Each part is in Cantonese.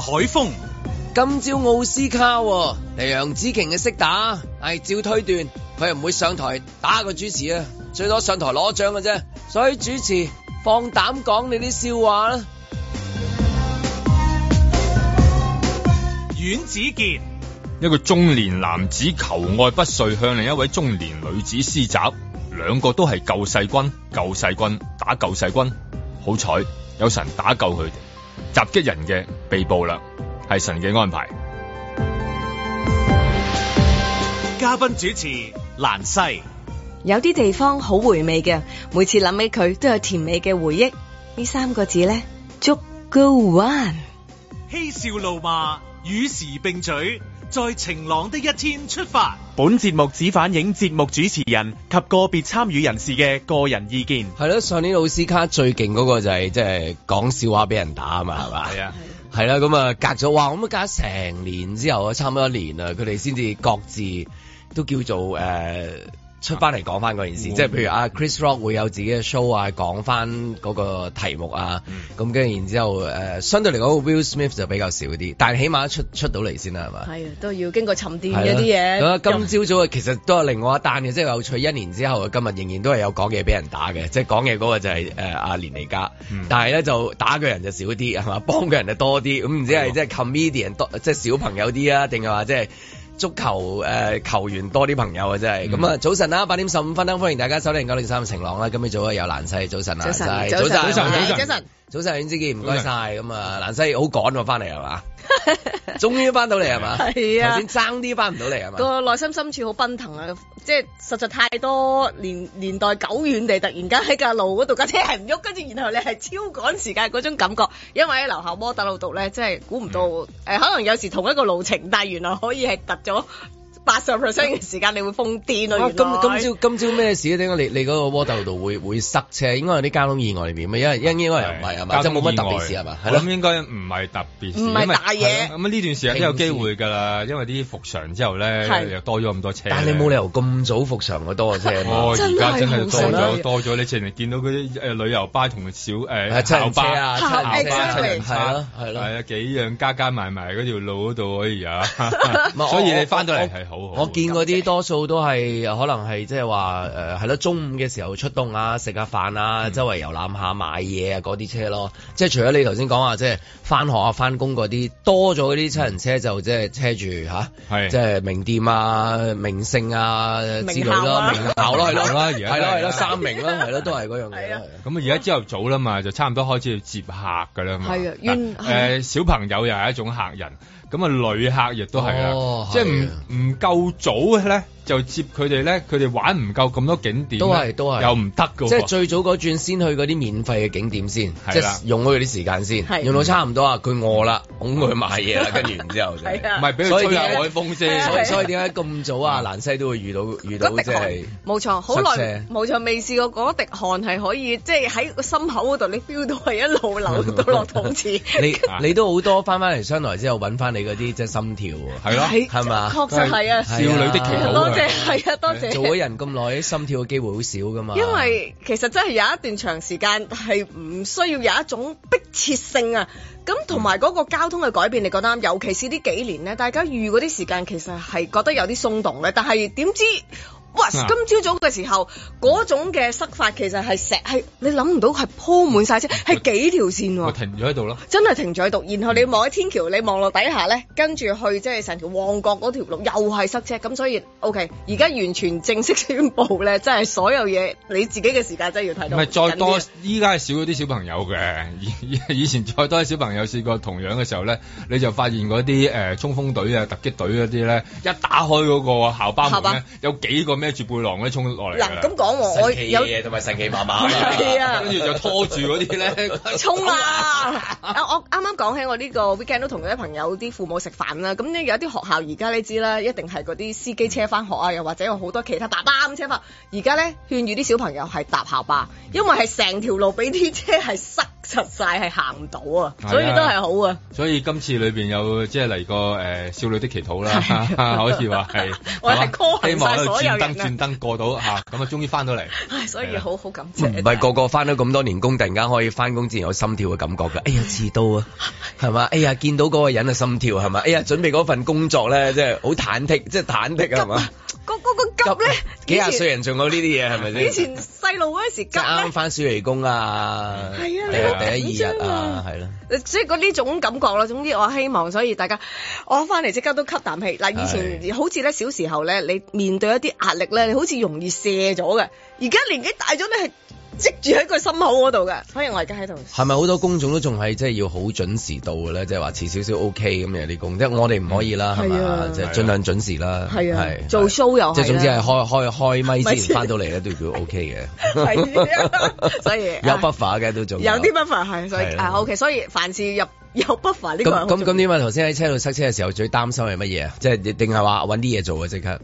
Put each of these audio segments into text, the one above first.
海風今朝奧斯卡嚟，楊紫瓊嘅識打，係照推斷，佢唔會上台打個主持啊，最多上台攞獎嘅啫。所以主持放膽講你啲笑話啦。阮子健一個中年男子求愛不遂，向另一位中年女子施襲，兩個都係救世軍，救世軍打救世軍，好彩有神打救佢哋。襲擊人嘅被捕啦，係神嘅安排。嘉賓主持蘭西，有啲地方好回味嘅，每次諗起佢都有甜美嘅回憶。呢三個字咧，祝高灣嬉笑怒罵與時並舉，在晴朗的一天出發。本節目只反映節目主持人及個別參與人士嘅個人意見。係啦，上年奧斯卡最勁嗰個就係即係講笑話俾人打啊嘛，係嘛？係啊，係啦，咁啊隔咗話咁啊隔咗成年之後啊，差唔多一年啦，佢哋先至各自都叫做誒。呃出翻嚟講翻嗰件事，哦、即係譬如阿、啊、Chris Rock 會有自己嘅 show 啊，講翻嗰個題目啊，咁跟住然之後誒、呃，相對嚟講 Will Smith 就比較少啲，但係起碼出出到嚟先啦，係嘛？係、啊、都要經過沉澱、啊、一啲嘢。咁、嗯啊、今朝早其實都係另外一單嘅，即係有趣。一年之後今日仍然都係有講嘢俾人打嘅，即係講嘢嗰個就係誒阿連尼加、嗯，但係咧就打嘅人就少啲係嘛，幫嘅人就多啲。咁唔知係即係 comedian 多，哦、即係小朋友啲啊，定係話即係？足球誒、呃，球員多啲朋友啊，真係咁啊！早晨啦，八點十五分啦，歡迎大家收聽九零三嘅晴朗啦，今日早啊有難曬，早晨啊，早晨早晨早晨，早晨。早晨，尹之基，唔該曬。咁啊，蘭西好趕咗翻嚟係嘛？ 終於翻到嚟係嘛？係啊，頭先爭啲翻唔到嚟係嘛？個內心深處好奔騰啊，即係實在太多年年代久遠地，突然間喺架路嗰度架車係唔喐，跟住然後你係超趕時間嗰種感覺，因為喺樓下摩打路度咧，真係估唔到、嗯呃、可能有時同一個路程，但係原來可以係突咗。八十 percent 嘅時間你會瘋癲咯，啊啊！今今朝今朝咩事咧，啊？點解你你嗰個窩度會，會塞車？應該有啲交通意外嚟嘅，因為因應該又唔係交通冇乜特別事係嘛？我諗應該唔係特別，唔係大嘢。咁呢，啊、段時間都有機會㗎啦，因為啲復常之後咧又多咗咁多車。但你冇理由咁早復常咁多車 啊，真係！而家真係多咗多咗，你淨係見到嗰啲誒旅遊巴同小誒酒巴啊，茶、哎、車啊，係啊，幾樣加加埋埋嗰條路度可以啊！所以你翻到嚟係好。我見嗰啲多數都係可能係即係話誒係咯，中午嘅時候出動啊，食下飯啊，嗯、周圍遊覽下、買嘢啊嗰啲車咯。即係除咗你頭先講話，即係翻學啊、翻工嗰啲多咗嗰啲七人車，就即係車住吓、係、啊、即係名店啊、名勝啊之類咯，名校咯係咯，係咯係咯三名咯、啊，係 咯都係嗰樣嘢。咁而家朝頭早啦嘛，就差唔多開始要接客噶啦嘛。係啊，誒、呃、小朋友又係一種客人。咁啊，旅客亦都係啦，哦，即係唔唔夠早嘅咧。就接佢哋咧，佢哋玩唔夠咁多景點，都係都係又唔得喎。即係最早嗰轉先去嗰啲免費嘅景點先，即係用咗佢啲時間先，用到差唔多啊。佢餓啦，咁佢買嘢啦， 跟住然之後就，唔係俾佢吹下海風先。所以所以點解咁早啊、嗯？蘭西都會遇到遇到即係冇錯，好耐冇錯未試過嗰一滴汗係可以即係喺個心口嗰度，你 feel 到係一路流，流到落肚臍 你 你都好多翻翻嚟，上嚟，來之後搵翻你嗰啲即係心跳喎。係咯，係嘛？確實係啊，少女的祈禱。係、嗯、啊，多謝做咗人咁耐， 心跳嘅機會好少噶嘛。因為其實真係有一段長時間係唔需要有一種迫切性啊。咁同埋嗰個交通嘅改變，你覺得尤其是呢幾年呢，大家遇嗰啲時間其實係覺得有啲鬆動嘅，但係點知？今朝早嘅時候，嗰種嘅塞法其實係石係你諗唔到係鋪滿曬車，係幾條線喎、啊。我停咗喺度咯，真係停咗喺度。然後你望喺天橋，嗯、你望落底下咧，跟住去即係成條旺角嗰條路又係塞車。咁所以，OK，而家完全正式宣布咧，真係所有嘢你自己嘅時間真係要睇到。唔係再多，依家係少咗啲小朋友嘅。以前再多啲小朋友試過同樣嘅時候咧，你就發現嗰啲誒衝鋒隊啊、突擊隊嗰啲咧，一打開嗰個校巴門咧，有幾個咩？孭住背囊咧衝落嚟，嗱咁講喎，我有嘢同埋神奇媽媽、啊，跟 住、啊、就拖住嗰啲咧衝啊！ 啊，我啱啱講起我呢個 weekend 都同佢啲朋友啲父母食飯啦，咁咧有啲學校而家你知啦，一定係嗰啲司機車翻學啊，又或者有好多其他爸爸咁車翻。而家咧勸喻啲小朋友係搭校巴，因為係成條路俾啲車係塞。實晒係行唔到啊，所以都係好啊。所以今次裏面有即係嚟個誒少女的祈禱啦，可以話係。希望所有人轉燈，轉燈過到嚇，咁 啊就終於翻到嚟。唉，所以好好、啊、感謝。唔係個個翻咗咁多年工， 突然間可以翻工之前有心跳嘅感覺㗎。哎呀、啊 哎，遲到啊，係嘛？哎呀，見到嗰個人啊，心跳係嘛？哎呀，準備嗰份工作咧，真係好忐忑，即 係忐忑係嘛？ .那個個個急咧，幾廿歲人仲有呢啲嘢係咪先？以前細路嗰陣時，啱啱翻暑期工啊，係啊，啊，啊，第一二日啊，係咯、啊。所以嗰呢種感覺啦，總之我希望，所以大家我翻嚟即刻都吸啖氣。嗱，以前好似咧小時候咧，你面對一啲壓力咧，你好似容易卸咗嘅。而家年紀大咗你係。積住喺佢心口嗰度嘅，所以我而家喺度。係咪好多工種都仲係即係要好準時到嘅咧？即係話遲少少 OK 咁樣啲工，即係我哋唔可以啦，係、嗯、咪？即係盡量準時啦。係啊係、啊啊。做 show 又即係總之係開開開咪先翻到嚟咧、啊、都要 OK 嘅。係、啊 啊啊啊，所以有 buffer 嘅都仲有啲 buffer 係，所以、啊、OK。所以凡事入有，有 buffer 呢個。咁咁咁，點啊？頭先喺車度塞車嘅時候最擔，最擔心係乜嘢啊？即係定係話搵啲嘢做啊？即刻。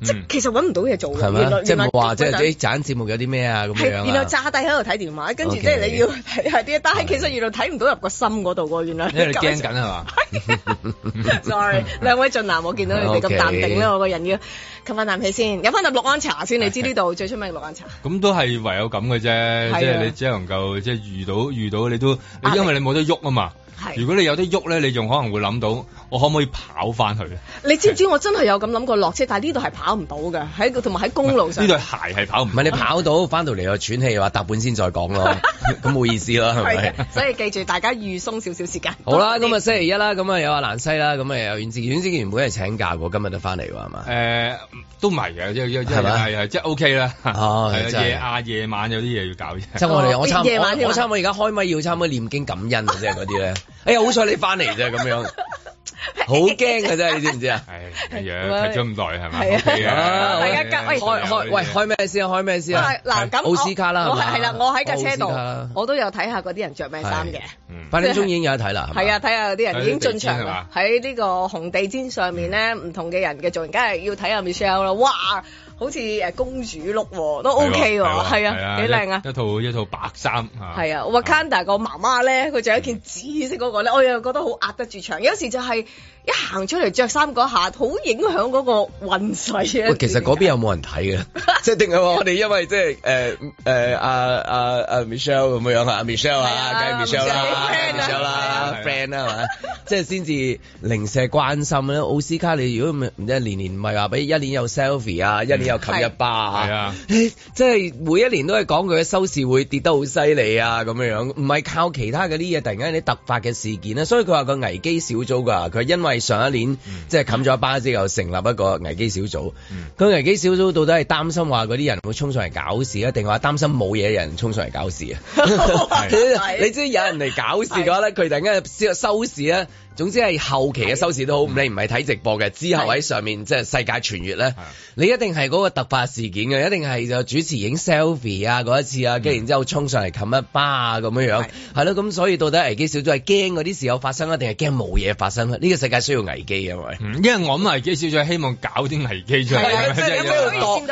即其實揾唔到嘢做嘅，即係冇話即係啲賺節目有啲咩啊咁樣。然後炸低喺度睇電話，跟住、okay. 即係你要係啲，okay. 但係其實原來睇唔到入個心嗰度喎，原來。因為你驚緊係嘛？係 是嗎。 Sorry， 兩位俊男，我見到你哋咁淡定咧，okay. 我個人要吸翻啖氣先，飲翻啖六安茶先。Okay. 你知呢度最出名六安茶。咁都係唯有咁嘅啫，即係、就是、你只能夠即係、就是、遇到遇到你都，你因為你冇得喐啊嘛。如果你有得喐咧，你仲可能會諗到。我可唔可以跑翻去啊？你知唔知我真係有咁諗過落車， 但係呢度係跑唔到嘅，喺同埋喺公路上。呢對鞋係跑唔？唔係你跑到翻到嚟又喘氣，話踏半先再講咯，咁 冇意思啦，係 咪是吧？ 所以記住大家預鬆少少時間。好啦，咁啊星期一啦，咁 啊有阿蘭西啦，咁啊有袁志袁志傑原本係請假嘅，今日都翻嚟喎，係嘛？誒、呃，都唔係嘅，即係即係 OK 啦。哦、啊， 啊，夜晚有啲嘢要搞嘢。即、哦、我哋我差我差唔多而家開咪要差唔多念經感恩啊，即係嗰啲咧。哎呀，好彩你翻嚟啫，咁樣。 好驚嘅啫，你知唔知、 哎、 啊？係，一樣睇咗咁耐係嘛？係啊。開開喂，開咩先啊？開咩先啊？嗱、咁，奧斯卡啦，我係係啦，我喺架車度，我都有睇下嗰啲人着咩衫嘅。八點鐘已經有得睇啦。係 啊，睇下嗰啲人已經進場喺呢個紅地毯上面咧，唔同嘅人嘅造型，梗係要睇下 Michelle 啦。哇！好似誒，公主 look 喎，都 OK 喎，係啊，幾靚啊，啊，啊，啊，啊！一,一套一套白衫嚇，係啊，Wakanda 個媽媽咧，佢仲有一件紫色嗰、那個咧、嗯，我又覺得好壓得住場。有時就係、是。一行出嚟着衫嗰下，好影響嗰個運勢啊！喂，其實嗰邊有冇人睇嘅？即係定係我哋因為即係誒誒阿 Michelle 咁樣啊，啊，啊？Michelle 啊，梗 係、啊、Michelle 啦，Michelle 啦，friend 啦，係、啊啊啊啊、 即係先至零舍關心咧。奧斯卡，你如果唔知年年唔係話俾一年有 selfie 啊、嗯，一年有冚一巴啊，啊，啊即係每一年都係講佢嘅收視會跌得好犀利啊，咁樣樣唔係靠其他嗰啲嘢，突然間啲突發嘅事件咧。所以佢話個危機小組㗎，佢因為係上一年即係冚咗一巴之後，成立一個危機小組。嗯，嗰個危機小組到底係擔心話嗰啲人會衝上嚟搞事啊，定係話擔心冇嘢人衝上嚟搞事啊？ 你知有人嚟搞事嘅話咧，佢 突然間收收視咧。總之係後期嘅收視都好，你唔係睇直播嘅，之後喺上面即係、就是、世界傳閱咧，你一定係嗰個突發事件嘅，一定係就主持影 selfie 啊嗰一次啊，跟住然之後衝上嚟冚一巴啊咁樣樣，係咯，咁所以到底危機小組係驚嗰啲事有發生啊，定係驚冇嘢發生呢？這個世界需要危機嘛。嗯，因為我諗危機小組希望搞啲危機出嚟，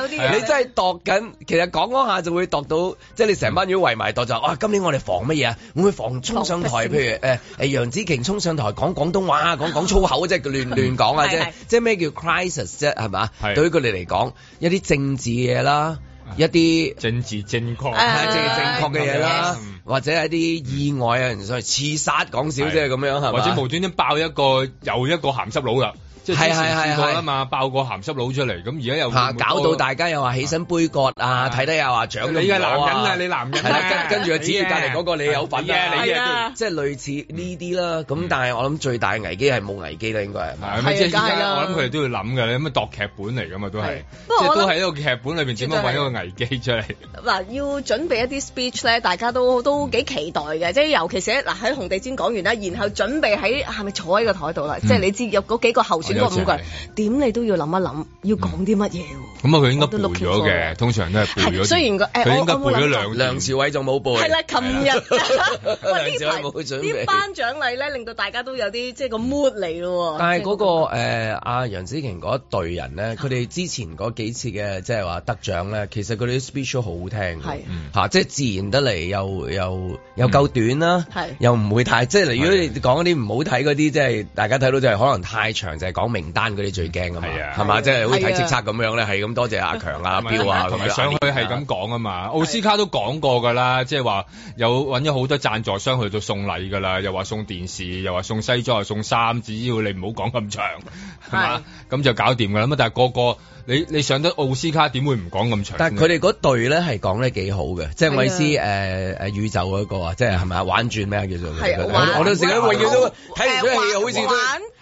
你真係度緊，其實講嗰下就會度到，即係你成班人都圍埋度就是就是、啊，今年我哋防乜嘢？會唔會防衝上台？譬如楊紫瓊衝上台講。廣東話啊，講講粗口啊，即係亂亂講啊， 是是即係即係咩叫 crisis 啫、啊，係嘛？對於佢哋嚟講，一啲政治嘢啦，一啲政治正確，政治正確嘅嘢啦，或者係一啲意外啊，人所以刺殺講少啲啊，咁樣係或者無端端爆一個又一個鹹濕佬㗎～係係係係嘛，是是是是爆個鹹濕佬出嚟，咁而家又搞到大家又話起身杯葛啊，睇、啊、得又話到、啊。你嘅男人啊，你男人、啊 跟。跟住啊、那個，指住隔離嗰個你有份啊，你、yeah, 啊、yeah, yeah,，yeah, 即係類似呢啲啦。咁、嗯、但係我諗最大嘅危機係冇危機啦、嗯，應該係。係咪即係、啊、我諗佢哋都要諗㗎？你咁啊，度劇本嚟㗎嘛都係，即係都喺一個劇本裏面，搵一個危機出嚟。嗱，要準備一啲 speech 咧，大家都都幾期待嘅，即、嗯、係尤其是嗱喺紅地氈講完啦，然後準備喺係咪坐喺個台度啦？即係你知有嗰幾個候選。個五點你都要諗一諗，要講啲乜嘢咁啊，佢、嗯、應該背咗嘅，通常都係背咗。雖然個誒，我背咗梁梁朝偉仲冇背。係啦，琴日啲排啲頒獎禮咧，令到大家都有啲即係個 mood 嚟、嗯、咯。但係、那、嗰個阿、嗯呃、楊紫瓊嗰一隊人咧，佢、嗯、哋之前嗰幾次嘅即係話得獎咧，其實佢哋 special 好聽嘅、啊嗯啊，即係自然得嚟又又又夠短啦、啊嗯，又唔會太即係。如果你講一啲唔好睇嗰啲，即係大家睇到就係可能太長，就係。講名單嗰啲最驚啊嘛，係嘛，即係好似睇叱咤咁樣咧，係咁多謝阿強啊、阿彪啊，同埋上去係咁講啊嘛。奧斯卡都講過噶啦，即係話有揾咗好多贊助商去到送禮噶啦，又話送電視，又話送西裝，又送衫，只要你唔好講咁長，係嘛，咁就搞掂噶啦。咁但係個個你你上得奧斯卡點會唔講咁長？但係佢哋嗰隊咧係講得幾好嘅，即係韋斯誒誒宇宙嗰個，即係係咪啊玩轉咩叫做？係我我到時永遠都睇唔到戲好似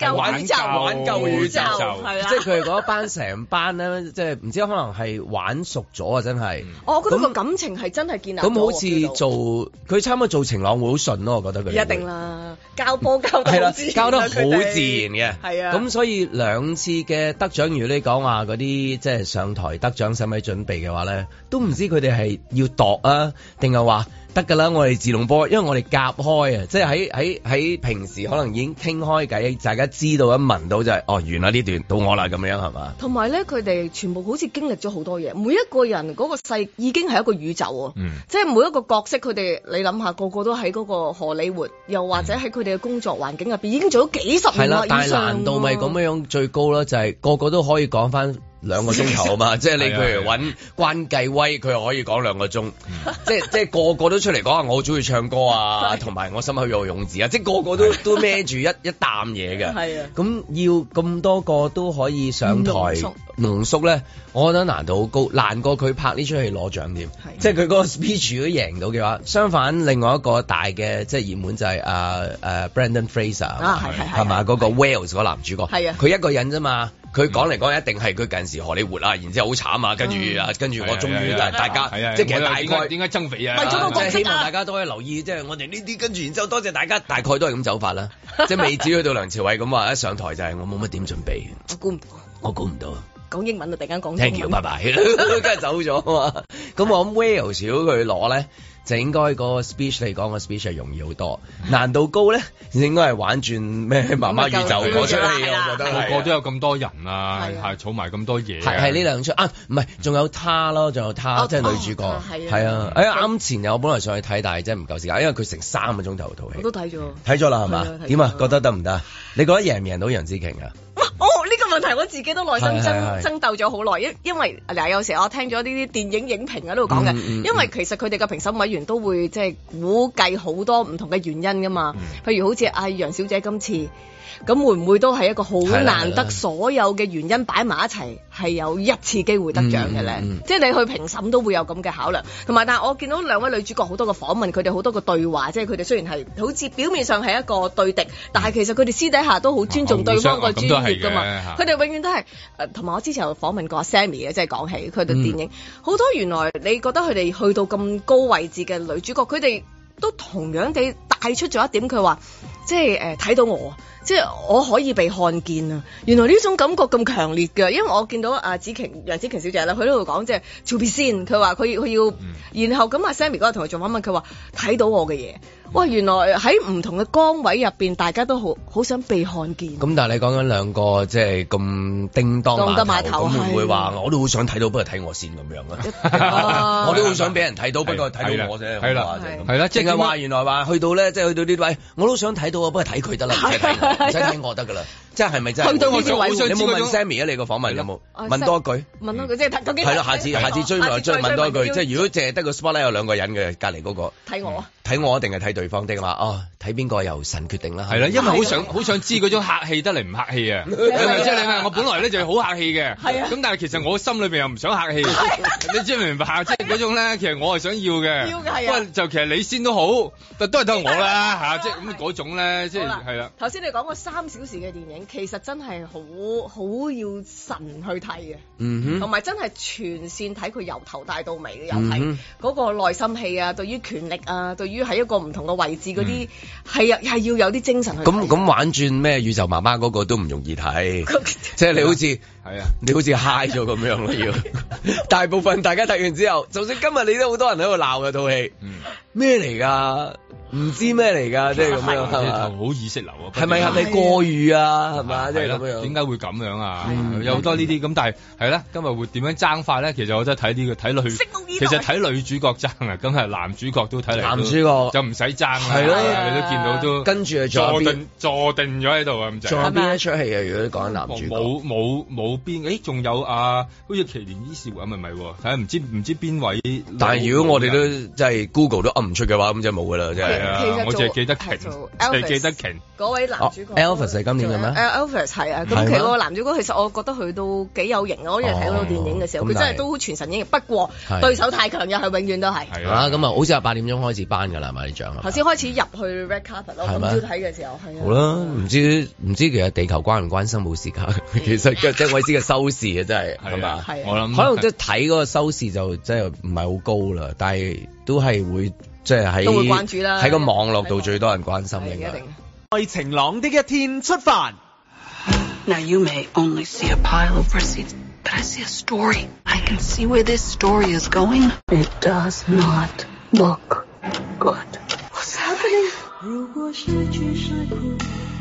都玩玩玩。舊宇宙，即係佢哋嗰一班成 班咧，即係唔知可能係玩熟咗啊！真係、嗯哦，我覺得個感情係真係建立。咁好似做佢差唔多做情郎會好順咯，我、嗯、覺得佢。一定啦，交波交得好自然、啊。啦、啊，交得好自然嘅。係啊，咁所以兩次嘅得獎如果你講話嗰啲，即係上台得獎使唔使準備嘅話咧，都唔知佢哋係要度啊，定係話？得噶啦，我哋自動波，因為我哋夾開啊，即係喺喺喺平時可能已經傾開偈，大家知道一聞到就係、是、哦完啦呢、嗯、段到我啦咁樣係嘛？同埋咧，佢哋全部好似經歷咗好多嘢，每一個人嗰個世已經係一個宇宙啊、嗯，即係每一個角色佢哋，你諗下個個都喺嗰個荷里活，又或者喺佢哋嘅工作環境入邊已經做咗幾十年係啦，但難度咪咁樣樣最高啦、啊、就係、是、個個都可以講翻。兩個鐘頭啊嘛， 即係你譬如揾關繼威，佢 又可以講兩個鐘， 即係即係個個都出嚟講我好中意唱歌啊，同 埋我心口有勇字啊， 即係個個都 都孭住一一啖嘢嘅。 啊，咁、啊、要咁多個都可以上台濃縮咧，我覺得難度好高。難過佢拍呢出戲攞獎點，是啊、即係佢嗰個 speech 都贏到嘅話。相反，另外一個大嘅即係熱門就係阿誒 Brendan Fraser 係、啊、嘛，嗰、啊啊啊啊啊那個 Wales 嗰、啊那個、男主角，佢、啊啊、一個人咋嘛？佢講嚟講一定係佢近時荷里活啊，然之後好慘啊、嗯，跟住啊，跟住我終於大家，即係其實大概點解增肥啊？就是、希望大家都可以留意，即、就、係、是、我哋呢啲，跟住然之後多謝，謝大家，大概都係咁走法啦。即 係未至於到梁朝偉咁話，一上台就係我冇乜點準備。估 我估唔到，到，到，講英文就突然間講 Thank you，拜拜 走，梗係走咗啊嘛，咁我諗 Will 少佢攞咧。就應該個 speech 嚟講個 speech 係容易好多，難度高咧，應該係玩轉咩媽媽 宇宙嗰出戲，我覺得個個都有咁多人啊，係儲埋咁多嘢、啊。係係呢兩出啊，唔係仲有佢咯，仲有佢、oh, 即係女主角，係、oh, 啊。誒啱、哎、前有我本來想去睇，但係真係唔夠時間，因為佢成三個鐘頭套戲。我都睇咗，睇咗啦係嘛？點啊？覺得得唔得？你覺得贏唔贏到楊紫瓊啊？哦，呢、這個問題我自己都內心爭是是是爭鬥咗好耐，是是是因因為，嗱有時我聽咗呢啲電影影評喺度講嘅，嗯嗯嗯因為其實佢哋嘅評審委員都會即係、就是、估計好多唔同嘅原因噶嘛，嗯、譬如好似阿楊小姐今次，咁會唔會都係一個好難得所有嘅原因擺埋一齊？係有一次機會得獎嘅咧，即係你去評審都會有咁嘅考量。同埋，但係我見到兩位女主角好多個訪問，佢哋好多個對話，即係佢哋雖然係好似表面上係一個對敵，嗯、但係其實佢哋私底下都好尊重對方個專業㗎嘛。佢哋、啊、永遠都係誒，同、呃、埋我之前有訪問過阿 Sammy 嘅，即係講起佢哋電影好、嗯、多原來，你覺得佢哋去到咁高位置嘅女主角，佢哋都同樣地帶出咗一點，佢話即係誒睇到我。即係我可以被看見啊！原來呢種感覺咁強烈嘅，因為我見到阿、啊、子晴、楊子晴小姐啦，佢喺度講即係逃避先，佢話佢佢要、嗯，然後咁阿 Sammy 嗰個同佢做乜問佢話睇到我嘅嘢，哇！原來喺唔同嘅崗位入邊，大家都好好想被看見。咁、嗯、但係你講緊兩個即係咁叮當馬頭，會唔會話我都好想睇到，不過睇我先咁樣啊。 我都好想俾人睇到，不過睇到我啫。係啦，係啦，即係話原來話去到咧，即係去到呢、就是、去到位，我都想睇到 不過睇佢得啦。 睇我得噶啦，即係咪真，係真？佢對我做，你冇問 Sammy 啊？你個訪問有冇問多一句？問多一句即係究竟係咯？下次下次追來追，追問，問多一句，即係如果淨係得個 spotlight 有兩個人嘅隔離嗰個睇我。嗯睇我一定係睇對方啲嘛？哦，睇邊個由神決定啦。係啦，因為好想好 想知嗰種客氣得嚟唔客氣啊！即係你係我本來咧就好客氣嘅，係啊。咁但係其實我心裏邊又唔想客氣。是你知唔明白？即係嗰種咧，其實我係想要嘅。要嘅係就其實你先都好，都係得我啦嚇。即係咁嗰種咧，即係係啦。頭先你講個三小時嘅電影，其實真係好好要神去睇嘅。同埋真係全線睇佢由頭帶到尾嘅，又係嗰個內心戲啊，對於權力啊，對於喺一個唔同嘅位置那些，嗰啲係啊，係要有啲精神去那。咁咁玩轉咩宇宙媽媽嗰個都唔容易睇，即 係你好似。係啊，你好似嗨咗咁樣咯，要、啊、 大部分大家睇完之後，就算今日你都好多人喺度鬧嘅套戲，咩嚟噶？唔知咩嚟噶，即係咁樣好意識流啊！係咪係咪過譽啊？係嘛、啊？即係點解會咁樣啊？啊有好多呢啲咁，但係係啦，今日會點樣爭法咧？其實我真係睇呢個睇女、啊啊，其實睇女主角爭啊，咁係男主角都睇嚟，男主角就唔使爭係咯、啊。你都見到都跟住就坐定坐定咗喺度啊！仲就邊一出戲啊？如果你講男主角冇冇冇。邊誒仲有啊？好似奇連伊士活咁咪咪睇下唔知唔知邊位？但係如果我哋都即係 Google 都噏唔出嘅話，咁就冇噶啦，真係、啊啊。我淨係記得 King，淨係記得 King。嗰位男主角 Elvis 係今年嘅咩 Elvis 係啊。咁、啊、其實個男主角，其實我覺得佢都幾有型啊、哦！我以前睇到套電影嘅時候，佢真係都好全神影。不過對手太強，又係永遠都係。吓咁啊！啊啊啊好似係八點鐘開始班噶啦，埋啲獎。頭先開始入去 red carpet 咯，今朝睇嘅時候係、啊。好啦、啊，唔、啊、知唔知其實地球關唔關心冇時間。嗯、 其實即知、就、嘅、是、收視真啊，真係係嘛，我諗可能即係睇嗰個收視就真係唔係好高啦、啊，但係都係會即係喺都會關注啦，喺個網絡度最多人關心、啊啊啊、一定為晴朗的一天出發。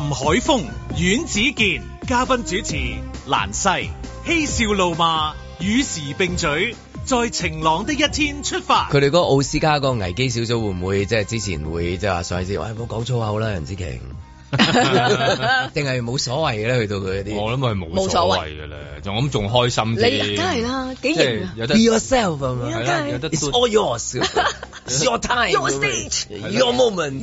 林海峰、阮子健，嘉賓主持蘭西，嬉笑怒罵，與時並舉，在晴朗的一天出發。佢哋嗰個奧斯卡嗰個危機小組會唔會即係之前會即係話上一次，喂唔好講粗口啦，楊紫瓊。定係冇所謂嘅咧，去到佢嗰啲。我諗佢冇所謂嘅咧，就咁仲開心啲。你梗係啦，幾型、就是。有得 be yourself 啊嘛，有得。It's all yours, your time, your stage, your moment。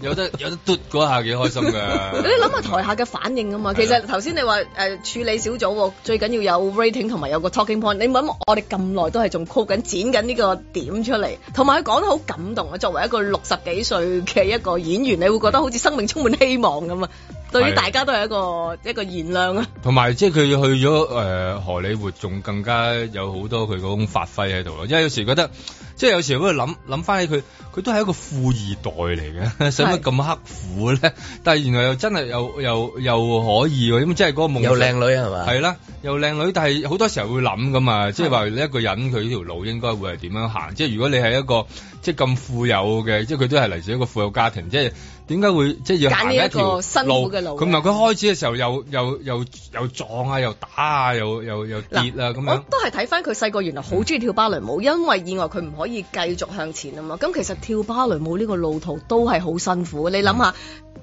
有得有得篤嗰下幾開心㗎。你諗下台下嘅反應啊嘛。其實頭先你話誒處理小組最緊要有 rating 同埋有個 talking point。你唔，我哋咁耐都係仲 call 緊剪緊呢個點出嚟，同埋佢講得好感動啊。作為一個六十幾歲嘅一個演員，你會覺得好似生命充滿希望。咁啊，對於大家都係一個一個燃亮啊。同埋即係佢去咗誒、呃、荷里活，仲更加有好多佢嗰種發揮喺度咯。因為有時覺得，即、就、係、是、有時會諗諗翻起佢，佢都係一個富二代嚟嘅，使乜咁刻苦咧？但係原來又真係又又又可以喎。咁即係嗰個夢，又靚女係嘛？係啦，又靚女。但係好多時候會諗㗎嘛，即係話你一個人佢條路應該會係點樣行？即係如果你係一個即係咁富有嘅，即係佢都係嚟自一個富有家庭，即係。點解會即係要揀呢一,一個辛苦嘅路？咁唔係佢開始嘅時候又又又又撞啊，又打啊，又又又跌啊咁樣。我都係睇翻佢細個原來好中意跳芭蕾舞，因為意外佢唔可以繼續向前啊嘛。咁其實跳芭蕾舞呢個路途都係好辛苦，你諗下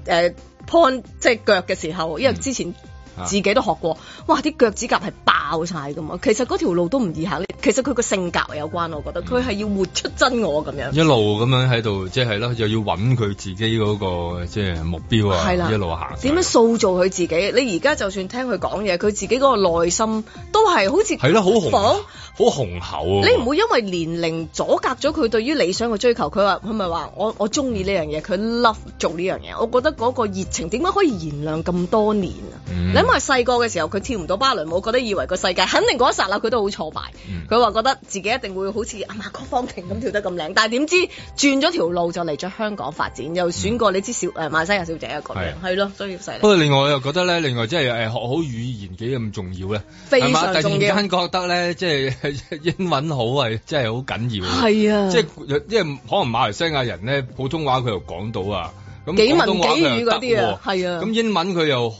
誒 point 即係腳嘅時候，因為之前。啊、自己都學過，哇！啲腳趾甲係爆曬噶嘛，其實嗰條路都唔易行。其實佢個性格有關，我覺得佢係要活出真我咁樣、嗯。一路咁樣喺度，即係啦，又要揾佢自己嗰、嗰個即係、就是、目標啊，一路行。點樣塑造佢自己？你而家就算聽佢講嘢，佢自己嗰個內心都係好似係啦好紅好雄厚啊！你唔會因為年齡阻隔咗佢對於理想嘅追求。佢話：佢咪話我我中意呢樣嘢，佢 love 做呢樣嘢。我覺得嗰個熱情點解可以燃亮咁多年啊？你諗下細個嘅時候，佢跳唔到芭蕾舞，覺得以為個世界肯定嗰一剎那佢都好挫敗。佢、嗯、話覺得自己一定會好似阿馬郭芳婷咁跳得咁靚、嗯。但係點知轉咗條路就嚟咗香港發展，又選過你知小誒馬、嗯、西亞小姐啊，個樣係咯，所以細不過另外我又覺得咧，另外即係誒學好語言幾咁重要咧，非常之突然間覺得咧，即、即係 英文好啊，真係好緊要，係啊，啊即係即係可能馬來西亞人咧普通話佢又講到啊，咁幾文幾語嗰啲啊，係啊，啊，咁英文佢又好，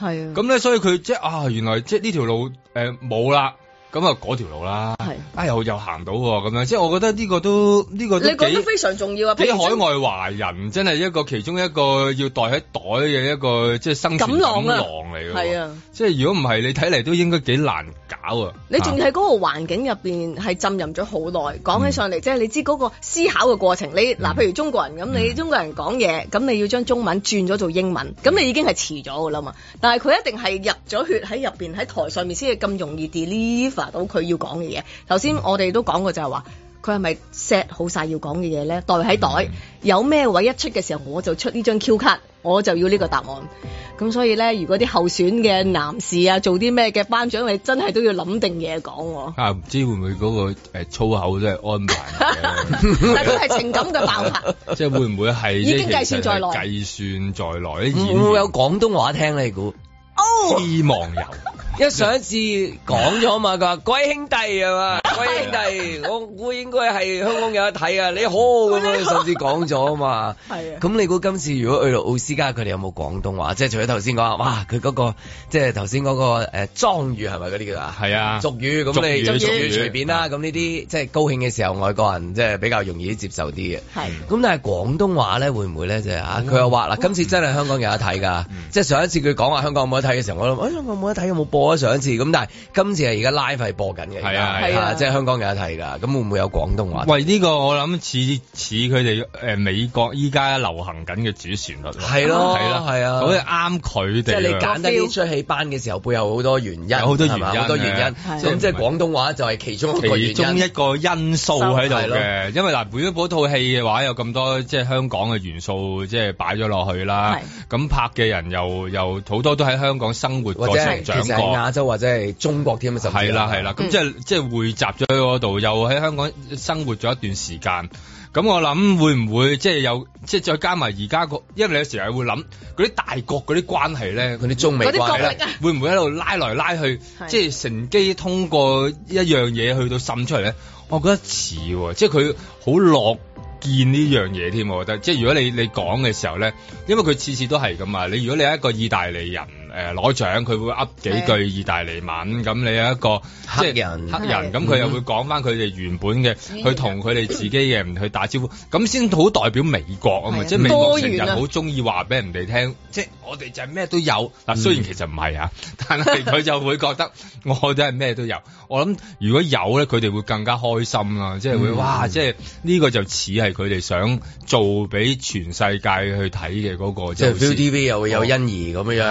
係啊，咁咧所以佢即係啊，原來即係呢條路誒冇啦。呃咁啊，嗰條路啦，哎又又行到咁、啊、樣，即係我覺得呢個都呢、呢個都你覺得都非常重要啊！俾海外華人真係一個其中一個要袋喺袋嘅一個即係生存錦囊嚟嘅，係啊！即係如果唔係，你睇嚟都應該幾難搞啊！你仲喺嗰個環境入面係浸淫咗好耐，講、啊、起上嚟即係你知嗰個思考嘅過程。嗯、你嗱，譬如中國人咁，你中國人講嘢咁，嗯、你要將中文轉咗做英文，咁、嗯、你已經係遲咗㗎啦嘛。但係佢一定係入咗血喺入面，喺台上面先係咁容易 deliver 拿到佢要講嘅嘢，頭先我哋都講過就係話，佢係咪 set 好晒要講嘅嘢咧？袋喺袋，嗯、有咩位一出嘅時候我就出呢張 Q 卡，我就要呢個答案。咁所以咧，如果啲候選嘅男士啊，做啲咩嘅頒獎，咪真係都要諗定嘢講。啊，唔知會唔會嗰、那個誒、呃、粗口都係安排嘅 但係都係情感嘅爆發。即係會唔會係已經計算在內？計算在內。唔會,會有廣東話聽咧？你估？哦。希望有。一上一次講咗啊嘛，佢話龜兄弟係嘛，兄弟，兄弟 我估應該係香港有得睇啊！你好我咁上次講咗啊嘛，嘛 啊。咁你估今次如果去到奧斯卡，佢哋有冇廣東話？即係除咗頭先講哇！佢嗰、嗰個即係頭先嗰個誒莊語係咪嗰啲叫？係、欸、啊，俗語，咁你粵語、啊、俗語隨便啦。咁呢啲即係高興嘅時候，外國人即係比較容易接受啲嘅。咁、啊、但係廣東話咧會唔會咧？即係啊，佢又話啦，今次真係香港有得睇㗎。 即係上一次佢講話香港冇得睇嘅時候，我都香港冇得睇有冇播？播咗上一次咁，但係今次係而家 live 係播緊嘅，係啊，啊，啊，即係香港有得睇㗎。咁會唔會有廣東話？喂，呢、呢個我諗似似佢哋誒美國依家流行緊嘅主旋律，係咯，係啦，係啊，好啱佢哋。即係你揀得呢出戲班嘅時候，背後好多原因，有好多原因，好、啊、多原因。咁、啊啊、即係廣東話就係其中一個原因，其中一個因素喺度嘅。因為嗱、呃，每一部套戲嘅話有咁多即係香港嘅元素，即係擺咗落去啦。咁拍嘅人又又好多都喺香港生活過、成長過亞洲或者係中國添啊，係啦係啦，咁、嗯、即係即係匯集咗喺嗰度，又喺香港生活咗一段時間。咁我諗會唔會即係有，即係再加埋而家個，因為你有時係會諗嗰啲大國嗰啲關係咧，嗰啲中美關係呢，力啊、會唔會喺度拉來拉去，即係乘機通過一樣嘢去到滲出嚟咧？我覺得似，即係佢好樂見呢樣嘢添。我覺得，即係如果你你講嘅時候咧，因為佢次次都係咁啊。你如果你係一個意大利人。誒、呃、攞獎，佢會噏幾句意大利文，咁、啊、你有一個黑人黑人，咁、就、佢、是啊、又會講翻佢哋原本嘅、嗯，去同佢哋自己嘅人去打招呼，咁先好代表美國啊嘛、就是啊，即係美國人好中意話俾人哋聽，即係我哋就係咩都有。嗱、嗯，雖然其實唔係啊，但係佢就會覺得我哋係咩都有。 我諗如果有咧，佢哋會更加開心啦、啊就是嗯，即係會哇，即係呢個就似係佢哋想做俾全世界去睇嘅嗰個。即係 ViuTV 又會有欣宜咁樣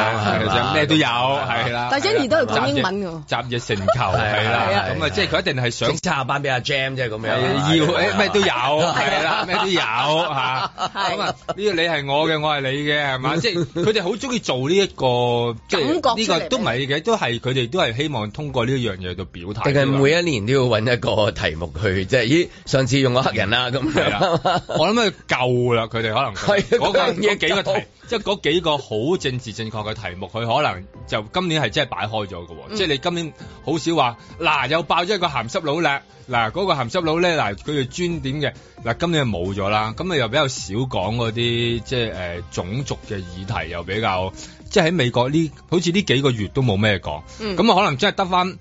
咩都有，係啦、啊。但真 j 都係講英文㗎。集日成球係啦，咁啊,啊,啊,啊,啊,、嗯、啊,啊,啊，即係佢一定係想下班俾阿 Jam 啫咁樣。啊、要咩、啊、都有，係啦、啊，咩、啊啊啊啊、都有咁啊，呢個、啊啊嗯、你係我嘅，我係你嘅，嘛、啊？ 即係佢哋好中意做呢、這、一個，即係呢、這個都唔係嘅，都係佢哋都係希望通過呢一樣嘢嚟表態定係每一年都要搵一個題目去，即係咦，上次用個黑人啦咁樣。我諗佢夠啦，佢哋可能嗰個依幾即係嗰幾個好政治正確嘅題目，佢可能就今年係真係擺開咗㗎喎。即係你今年好少話，嗱又爆咗一個鹹濕佬咧，嗱嗰、嗰個鹹濕佬咧，嗱佢嘅專點嘅，嗱今年就冇咗啦，咁啊又比較少講嗰啲即係誒、呃、種族嘅議題，又比較即係喺美國呢，好似呢幾個月都冇咩講，咁、嗯、啊可能真係得返。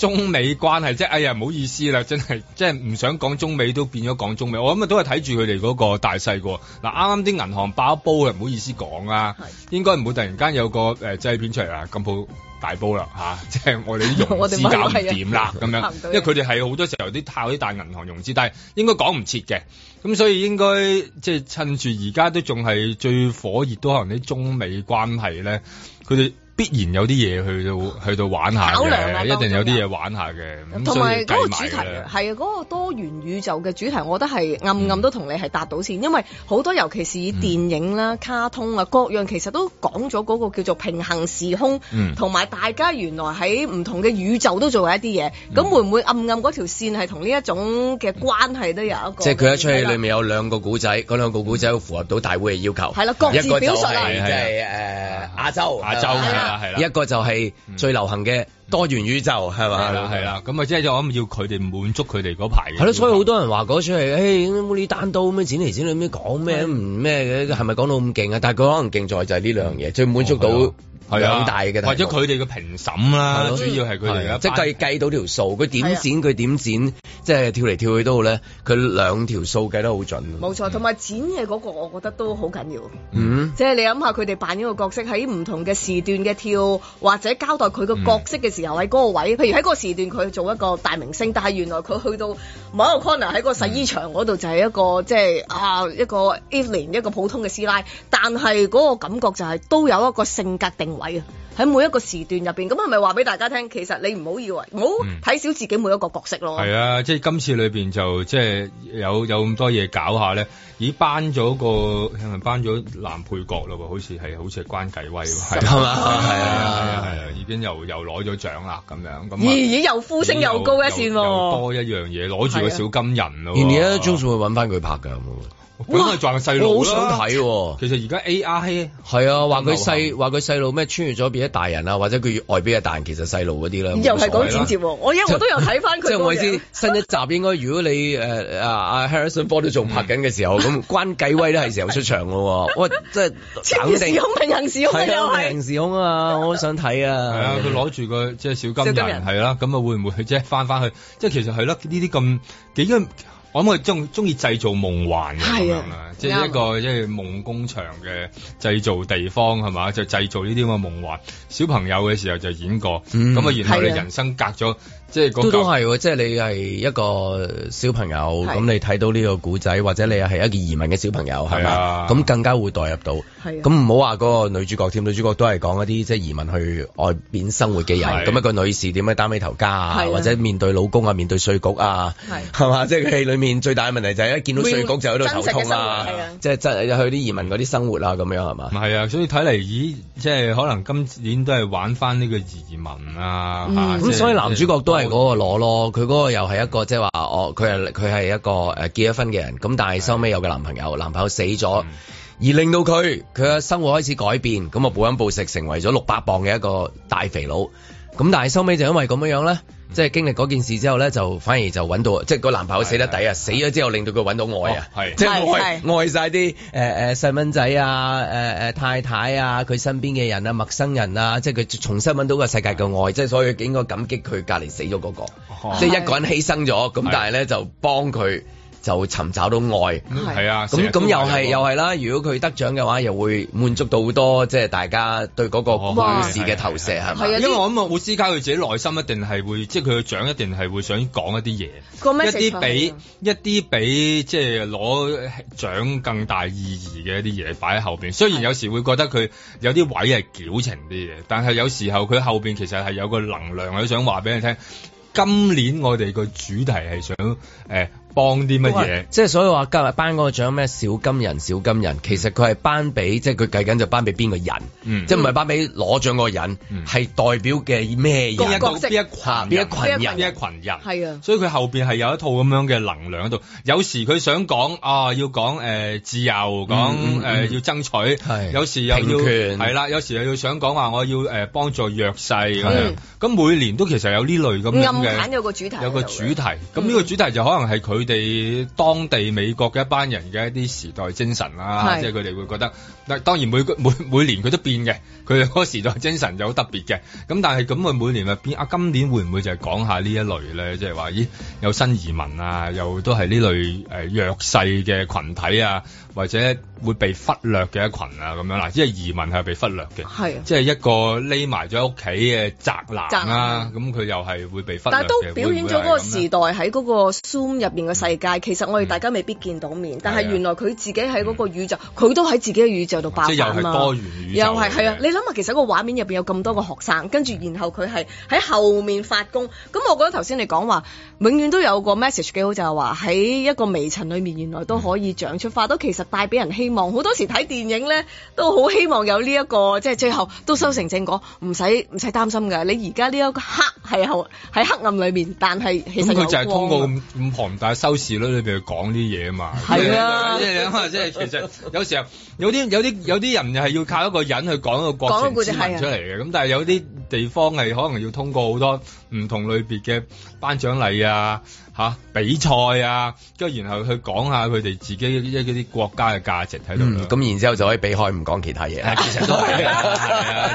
中美關係即係，哎呀唔好意思啦，真係即係唔想講中美都變咗講中美，我諗啊都係睇住佢哋嗰個大勢嘅喎。嗱啱啱啲銀行爆煲啊，唔好意思講啊，應該唔會突然間有個、呃、製片出嚟啊，咁好大煲啦嚇，即係我哋啲融資搞唔掂啦咁樣，因為佢哋係好多時候啲靠啲大銀行融資，但係應該講唔切嘅。咁所以應該即係趁住而家都仲係最火熱，都可能啲中美關係咧，佢哋。必然有啲嘢去到去到玩下、啊，一定有啲嘢玩下嘅。同埋嗰個主題係嗰、嗰個多元宇宙嘅主題，我覺得係暗暗都同你係搭到線，嗯、因為好多尤其是電影啦、嗯、卡通啊各樣，其實都講咗嗰個叫做平行時空，同、嗯、埋大家原來喺唔同嘅宇宙都做一啲嘢。咁、嗯、會唔會暗暗嗰條線係同呢一種嘅關係都有一個？即係佢一出戲裏面有兩個古仔，嗰兩個古仔都符合到大會嘅要求。係啦，各自表述啦。即係、就係、亞洲亞洲係啦，一個就係最流行嘅多元宇宙，係、嗯、嘛，係、嗯、啦，咁啊，即係我諗要佢哋滿足佢哋嗰排。係咯，所以好多人話嗰出戲，誒，呢單刀咁樣剪嚟剪去，咩講咩唔咩嘅，係咪講到咁勁啊？但係佢可能勁在就係呢兩樣嘢、嗯，最滿足到、哦。是係啊，大嘅或者佢哋嘅評審啦，啊、主要係佢哋啊，即係計計到條數，佢點剪佢點剪，即係跳嚟跳去都好咧。佢兩條數計得好準。冇錯，同埋剪嘢嗰個，我覺得都好緊要。嗯，即係你諗下，佢哋扮呢個角色喺唔同嘅時段嘅跳，或者交代佢個角色嘅時候喺嗰個位，嗯、譬如喺個時段佢做一個大明星，但係原來佢去到某一個 corner 喺個洗衣場嗰度就係一個、嗯、即係啊一個 evil 一個普通嘅師奶，但係嗰個感覺就係都有一個性格定。喺每一個時段入邊，咁係咪話俾大家聽？其實你唔好以為，唔好睇小自己每一個角色咯。係、嗯、啊，即係今次裏邊就即係有有咁多嘢搞下咧，咦？頒咗個係咪頒咗男配角咯？好似係，好似係關繼威係嘛？係啊係啊，啊，啊，啊，啊了了，已經又又攞咗獎啦咁樣咁。咦？又呼聲又，又高一線，又多一樣嘢，攞住個小金人咯。而家總算會揾翻佢拍噶啦。哇！仲係細路，我好想睇、啊。其實而家 A I 係啊，話佢細話佢細路咩穿越咗變咗大人啊，或者佢外邊嘅大人其實細路嗰啲咧，又係講剪接。我因為 我都有睇翻佢。即係我知新一集應該，如果你誒啊啊 Harrison Ford 都仲拍緊嘅時候，咁、嗯、 關繼威都係時候出場咯、啊。喂， 即係平行時空，平行時空又係平行時空啊！我好想睇啊。係 啊，佢攞住個即係小金人係啦，咁啊會唔會佢即係翻翻去？即 係其實係咯，呢啲咁幾咁。我諗佢中中意製造夢幻嘅咁樣啊，即係一個即係夢工場嘅製造地方係嘛，就製造呢啲咁嘅夢幻。小朋友嘅時候就演過，咁、嗯、啊，然後你人生隔咗。即係都都係，即係你係一個小朋友咁，你睇到呢個古仔，或者你係一個移民嘅小朋友，係咪？咁、啊、更加會代入到。咁唔好話嗰個女主角添，女主角都係講一啲即係移民去外面生活嘅人。咁、啊、一個女士點樣擔起頭家啊？或者面對老公啊，面對稅局啊？係咪、啊？嘛？即係戲裏面最大嘅問題就係一見到稅局就喺度頭痛啦。即係、啊、去啲移民嗰啲生活啊咁樣係嘛？係啊，所以睇嚟咦，即、就、係、是、可能今年都係玩翻呢個移民啊。咁、嗯啊就是、所以男主角都係。嗰、嗯嗯嗰個攞咯，佢嗰個又係一個即係話，哦，佢係佢係一個誒結咗婚嘅人，咁但係收尾有個男朋友，男朋友死咗，嗯，而令到佢佢嘅生活開始改變，咁啊暴飲暴食，成為咗六百磅嘅一個大肥佬，咁但係收尾就因為咁樣樣咧。即係經歷嗰件事之後咧，就反而就搵到，即係個男朋友死得抵啊！是是是死咗之後，令到佢搵到愛啊，是是是即係愛愛晒啲誒誒細蚊仔啊、誒、呃、太太啊、佢身邊嘅人啊、陌生人啊，即係佢重新搵到個世界嘅愛，是是即係所以佢應該感激佢隔離死咗嗰、嗰個，是是即係一個人犧牲咗，咁但係咧就幫佢。就尋找到愛係啊！咁咁又係又係啦！如果佢得獎嘅話、嗯，又會滿足到好多，即、嗯、係大家對嗰個故事嘅投射係咪、哦？因為我諗阿奧斯卡佢自己內心一定係會，即係佢嘅獎一定係會想講一啲嘢，一啲俾一啲俾即係攞獎更大意義嘅一啲嘢擺喺後邊。雖然有時會覺得佢有啲位係矯情啲嘅，但係有時候佢後邊其實係有個能量我想話俾你聽。今年我哋個主題係想、呃幫啲乜嘢？即係所以話，今日頒嗰個獎咩？小金人，小金人，其實佢係頒俾，即係佢計緊就頒俾邊個人，即係唔係頒俾攞獎個人，係代表嘅咩嘢？角色？邊一群？邊一群人？一群人？係啊。所以佢後邊係有一套咁樣嘅能量喺度。有時佢想講啊，要講誒自由，講誒要爭取，有時又要平權，係啦，有時又要想講話，我要誒幫助弱勢咁樣。咁每年都其實有呢類咁嘅。有個主題，有個主題。咁呢個主題就可能係佢、嗯。佢嘅地當地美國嘅一班人嘅一啲時代精神啦，是即係佢哋會覺得。但係當然每每每年佢都變嘅，佢嗰時代精神就好特別嘅。咁但係咁佢每年咪變啊？今年會唔會就係講下呢一類咧？即係話咦，有新移民啊，又都係呢類誒、呃、弱勢嘅群體啊？或者會被忽略嘅一群啊，咁樣啦，即係移民係被忽略嘅、啊，即係一個匿埋咗屋企嘅宅男啊，咁佢又係會被忽略嘅，但係都表演咗嗰個時代喺嗰個 Zoom 入邊嘅世界、嗯，其實我哋大家未必見到面，嗯、但係原來佢自己喺嗰個宇宙，佢、嗯、都喺自己嘅宇宙度爆即發夢啊嘛。又係係啊！你諗下，其實個畫面入邊有咁多個學生，跟住然後佢係喺後面發功，咁我覺得頭先你講話。永遠都有個 message 幾好，就係話喺一個微塵裏面，原來都可以長出花，都其實帶俾人希望。好多時睇電影咧，都好希望有呢一個，即係最後都修成正果，唔使唔使擔心㗎。你而家呢一個黑係喺黑暗裏面，但係其實佢就係通過咁咁龐大收視率裏邊去講啲嘢嘛。係啊，即係即係其實有時候有啲有啲有啲人係要靠一個人去講一個過程傳出嚟嘅。咁但係有啲地方係可能要通過好多。唔同類別嘅頒獎禮啊，吓比賽啊，跟住、啊、然後去講下佢哋自己一啲國家嘅價值喺度咁，然之後就可以避開唔講其他嘢。 其實係都，係 啊，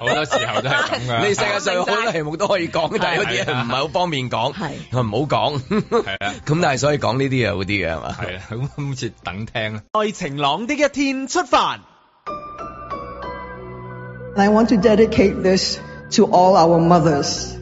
好、就是、多時候都係咁 你世界上好多題目都可以講、 啊，但係有啲嘢唔係好方便講，係、啊，唔好講，係咁、啊、 但係所以講呢啲嘢好啲嘅係嘛，係啊，好似、啊啊、 等聽啊。在晴朗的一天出發。I want to dedicate this to all our mothers.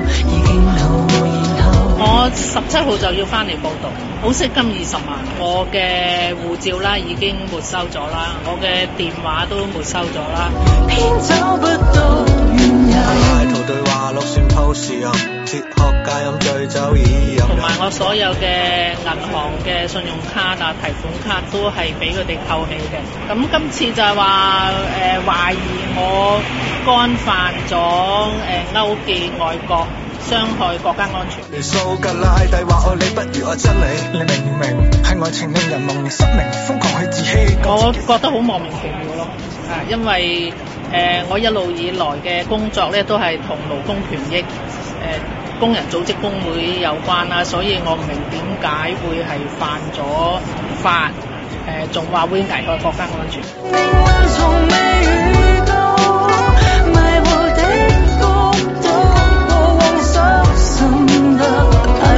我十七號就要翻嚟報到。保釋金二十萬，我嘅護照啦已經沒收咗啦，我嘅電話都沒收咗啦。同埋我所有嘅銀行嘅信用卡啦、提款卡都係俾佢哋扣起嘅。咁今次就係話誒懷疑我干犯咗誒勾結外國。傷害國家安全。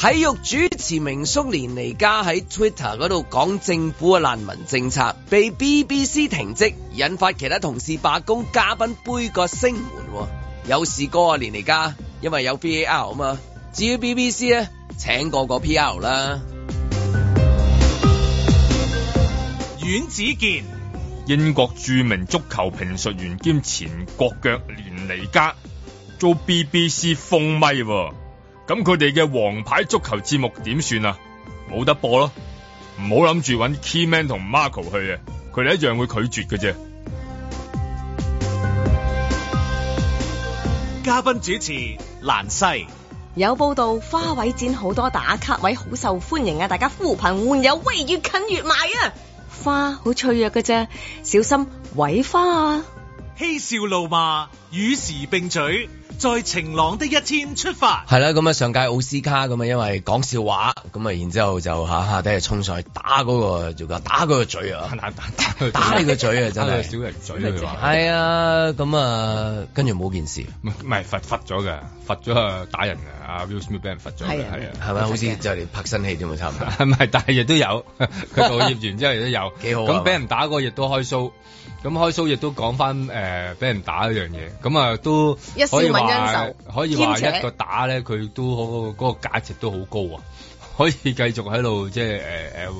體育主持名宿連尼加喺 Twitter 嗰度講政府嘅難民政策，被 BBC 停職，引發其他同事罷工，嘉賓杯葛聲援。有事哥啊，連尼加，因為有 P A R 啊嘛。至於 BBC 呢，請個個 P R 啦。阮子健，英國著名足球評述員兼前國腳連尼加遭 BBC 封咪。咁佢哋嘅王牌足球節目點算啊？冇得播咯，唔好諗住揾 Keyman 同 Marco 去，佢哋一樣會拒絕㗎。啫。嘉賓主持蘭西有報道，花卉展好多打卡位，好受歡迎啊！大家呼朋喚友，威越近越埋啊！花好脆弱㗎啫，小心毀花啊！嬉笑怒罵，與時並取。在晴朗的一天出發，係啦、啊，咁啊上屆奧斯卡咁啊，因為講笑話，咁啊，然之後就嚇下底係衝上去打嗰、嗰個做打佢個嘴啊， 打打打打個嘴啊， 真係 小人嘴嚟係 啊，咁啊，跟住冇件事，唔係罰罰咗嘅，罰咗 啊，打人啊，啊，俾人罰咗係 啊，咪、啊嗯、好似就嚟拍新戲啫嘛，差唔多，係咪？但係亦都有佢道歉完之後亦都有幾 好，咁俾人打過亦都開騷。咁開 show 亦都講翻誒俾人打一樣嘢，咁、嗯、啊都可以話可以話一個打咧，佢都好嗰、那個價值都好高啊，可以繼續喺度即係誒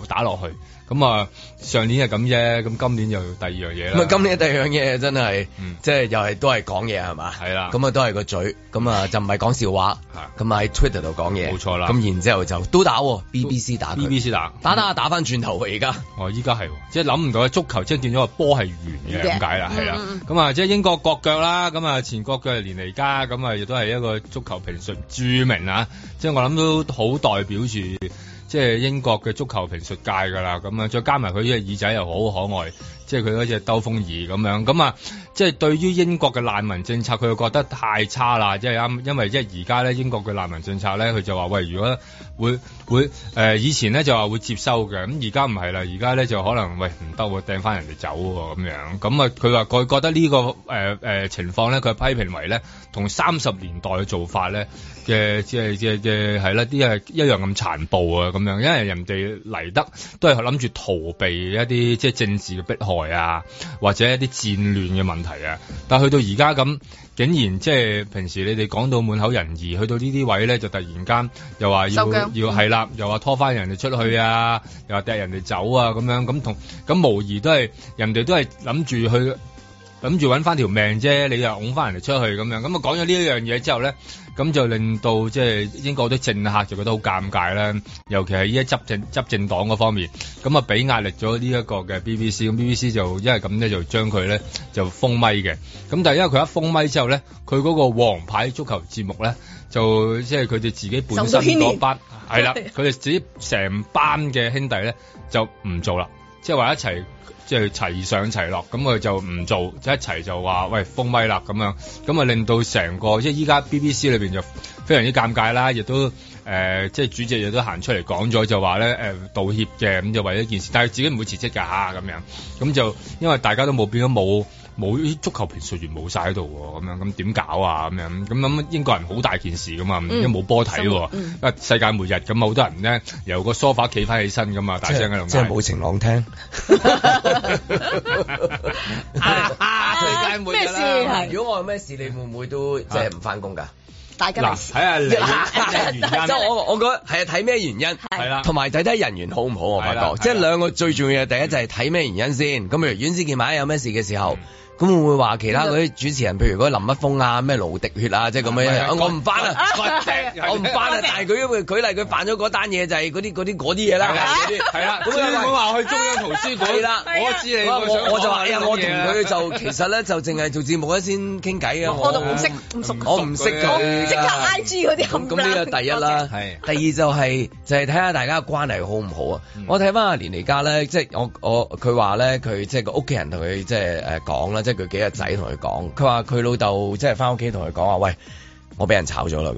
誒打落去。咁啊，上年係咁啫，咁今年又第二樣嘢啦。咁啊，今年第二樣嘢真係，即係又係都係講嘢係嘛？係啦，咁啊都係個嘴，咁啊就唔係講笑話，咁啊喺 Twitter 度講嘢，冇錯啦。咁然之後，後就都打、哦、BBC 打，BBC 打、嗯，打打打翻轉頭喎而家。哦，依家係即係諗唔到足球即係變咗個波係圓嘅咁解啦？係、嗯、啦，咁啊即係英國國腳啦，咁啊前國腳連嚟加，咁啊亦都係一個足球評述著名啊，即係我諗都好代表住。即係英國嘅足球評述界㗎啦，咁啊，再加埋佢呢個耳仔又好可愛。即係佢嗰隻兜風兒咁樣，咁啊，即係對於英國嘅難民政策，佢又覺得太差啦！即係因因為即係而家咧，英國嘅難民政策咧，佢就話喂，如果會會誒、呃、以前咧就話會接收嘅，咁而家唔係啦，而家咧就可能喂唔得喎，掟翻人哋走喎咁樣。咁啊，佢話佢覺得呢、呢個誒誒、呃呃、情況咧，佢批評為咧同三十年代嘅做法咧嘅即係即係即係係啦，啲係一樣咁殘暴啊咁樣，因為人哋嚟得都係諗住逃避一啲即係政治嘅迫害。啊，或者一啲戰亂嘅問題啊，但係去到而家咁，竟然即係平時你哋講到滿口仁義，去到呢啲位咧，就突然間又話要、嗯、要係啦，又話拖翻人哋出去啊，又話掟人哋走啊咁樣，咁同咁無疑都係人哋都係諗住去諗住搵翻條命啫，你又拱翻人哋出去咁樣，咁啊講咗呢一樣嘢之後咧。咁就令到即係英國啲政客就覺得好尷尬啦，尤其係依一執政執政黨嗰方面，咁啊俾壓力咗呢一個嘅 BBC，咁 BBC 就因為咁咧就將佢咧就封咪嘅，咁但係因為佢一封咪之後咧，佢嗰個王牌足球節目咧就即係佢哋自己本身嗰班，係啦，佢哋 自己成班嘅兄弟咧就唔做啦，即係話一齊。即係齊上齊落，咁佢就唔做，一齊就話：喂封咪啦咁樣，咁啊令到成個即係依家 BBC 裏面就非常之尷尬啦。亦都、呃、即係主席亦都行出嚟講咗，就話咧誒道歉嘅，咁就為咗件事，但係自己唔會辭職㗎嚇咁樣。咁就因為大家都冇變咗冇。冇足球評述員冇晒喺度，咁樣咁點搞啊？咁樣咁咁英國人好大件事噶嘛，因冇波睇，世界末日咁，好多人咧由個 sofa 企翻起身噶嘛，大聲嘅龍哥，即係冇晴朗聽。 啊啊、世界末咩、啊、事如果我有咩事，你會唔會都即係唔翻工噶？大家睇下 原因。即 係我我覺得，係 啊真的，睇 咩原因係啦？同埋睇睇人緣好唔好、啊？我發覺即係兩個最重要嘅 第一就係睇咩原因先。咁譬如遠視健牌有咩事嘅時候。咁會唔會話其他嗰啲主持人，譬如嗰林一峰啊、咩盧迪血啊，即係咁樣？我唔翻啊，我唔翻啊，啊。但係佢因為舉例，佢犯咗嗰單嘢就係嗰啲嗰啲嗰啲嘢啦。係啊，咁你唔好話去中央圖書館啦、啊。我知你我、啊哎，我就話，我同佢就其實咧就淨係做節目一先傾偈啊。我都唔識，我唔識佢啊！即 I G 嗰啲咁，咁呢個第一啦，係第二就係、是啊、就係睇下大家嘅關係好唔好啊、嗯？我睇翻阿年嚟家咧，即係我我佢話咧，佢即係個屋企人同佢即係誒講啦，即佢幾個仔同佢講，佢話佢老豆即係翻屋企同佢講啊，喂，我俾人炒咗啦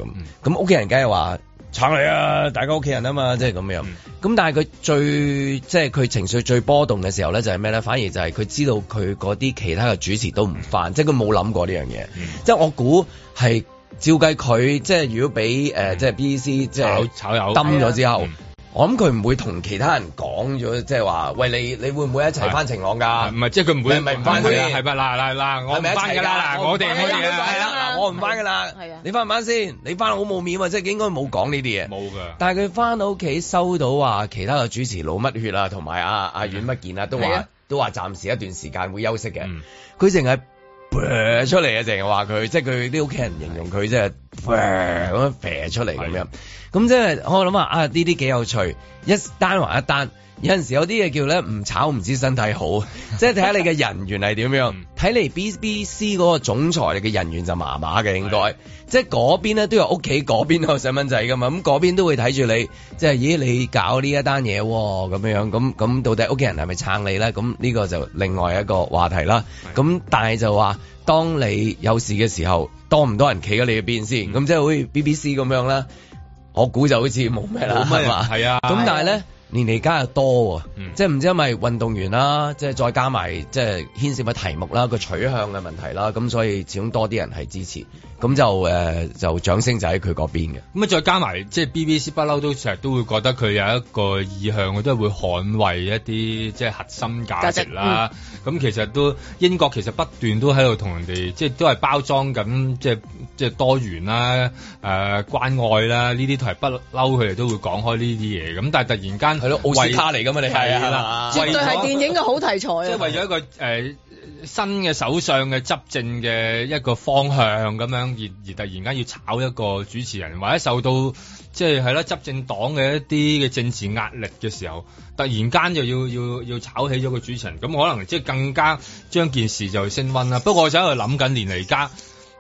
咁，咁屋企人梗係話撐你啊，大家屋企人啊嘛、嗯，即係咁樣。咁、嗯、但係佢最即係佢情緒最波動嘅時候咧，就係咩咧？反而就係佢知道佢嗰啲其他嘅主持都唔翻，即係佢冇諗過呢樣嘢。即係我估係照計佢，即係如果俾誒、呃、即係 B B C 即係炒炒友，咗之後。我諗佢唔會同其他人講咗，即係話，喂你，你會唔會一齊翻晴朗噶？唔係、啊，即係佢唔會，唔係唔翻去，是是去，去啊？係、那、咪、個啊？嗱嗱嗱，我唔翻噶啦。我哋可以啊。係啦、啊，我唔翻噶啦。係啊，你翻唔翻先回回？你翻好冇面啊！即係應該冇講呢啲嘢。冇噶。但係佢翻到屋企收到話，其他嘅主持老乜血啊，同埋阿啊阮乜健啊，都話都話暫時一段時間會休息嘅。嗯。佢淨係。出嚟啊！成日話佢，即係佢啲屋企人形容佢即係咁樣飛出嚟咁樣咁，即係我諗啊，啊呢啲幾有趣，一單還一單。有陣時有啲嘢叫咧唔炒唔知身體好，即係睇下你嘅人緣係點樣。睇 嚟 B B C 嗰個總裁嘅人緣就麻麻嘅應該，即係嗰邊咧都有屋企嗰邊都有細蚊仔噶嘛，咁嗰邊都會睇住你，即係咦你搞呢一單嘢咁樣，咁咁到底屋企人係咪撐你咧？咁呢個就另外一個話題啦。咁但係就話，當你有事嘅時候，多唔多人企喺你嘅邊先？咁即係好似 B B C 咁樣啦，我估就好似冇咩啦，係啊。咁但係咧。年嚟加又多，即係唔知係咪運動員啦，即係再加埋即係牽涉嘅題目啦，個取向嘅問題啦，咁所以始終多啲人係支持。咁就誒、呃、就掌聲就喺佢嗰邊嘅，咁啊再加埋即係 BBC 不嬲都成日都會覺得佢有一個意向，佢都係會捍衛一啲即係核心價值啦。咁、嗯、其實都英國其實不斷都喺度同人哋即係都係包裝緊，即係即係多元啦、誒、呃、關愛啦，呢啲都係不嬲，佢哋都會講開呢啲嘢。咁但係突然間係咯，奧斯卡嚟㗎嘛？你係啊，絕對係電影嘅好題材即係為咗 一個誒。新嘅首相嘅執政嘅一個方向咁樣，而而突然間要炒一個主持人，或者受到即係係啦執政黨嘅一啲嘅政治壓力嘅時候，突然間就要要要炒起咗個主持人，咁可能即係更加將件事就升溫啦。不過我就喺度諗緊連嚟家。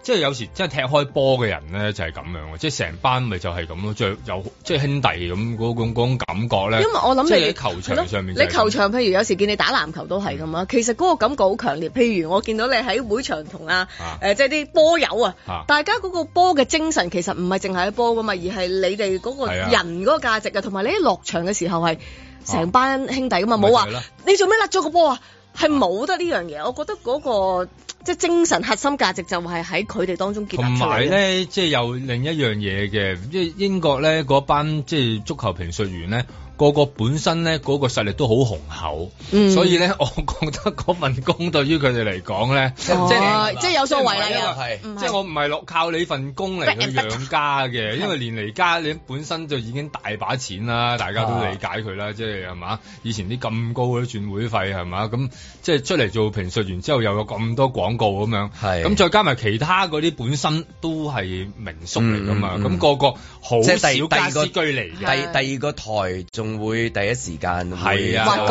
即係有時，真係踢開波嘅人咧，就係咁樣嘅，即係成班咪就係咁咯，最有即係兄弟咁嗰種嗰種感覺咧。因為我諗你喺球場上面，你球場譬如有時見你打籃球都係咁啊。其實嗰個感覺好強烈。譬如我見到你喺會場同阿誒，即係啲波友啊，大家嗰個波嘅精神其實唔係淨係個波噶嘛，而係你哋嗰個人嗰個價值啊，同埋你一落場嘅時候係成班兄弟噶嘛，冇話你做咩甩咗個波啊？係冇得呢樣嘢，我覺得嗰個。即係精神核心價值就係喺佢哋當中結合同埋咧，即係有、就是、有另一樣嘢嘅，即係英國咧嗰班即係、就是、足球評述員咧。個個本身咧嗰個實力都好雄厚，嗯、所以咧我覺得嗰份工對於佢哋嚟講咧，即係即有所謂即因為啦。係即係我唔係落靠你份工嚟去養家嘅，因為連嚟家你本身就已經大把錢啦，大家都理解佢啦、啊，即係係嘛？以前啲咁高嘅啲轉會費係嘛？咁即係出嚟做評述完之後又有咁多廣告咁樣，係咁再加埋其他嗰啲本身都係名宿嚟㗎嘛。咁、嗯嗯那個個好少傢俬距離嘅。第第二個台做。會第一時間係啊，發覺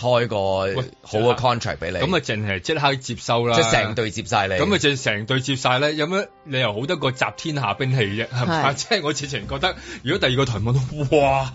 開個好嘅 contract 俾你，咁啊，淨係即刻接收啦，即係成隊接曬你，咁啊，淨係成隊接曬咧，有咩理由好得過集天下兵器啫，係嘛？即係、就是、我直情覺得，如果第二個台我都哇，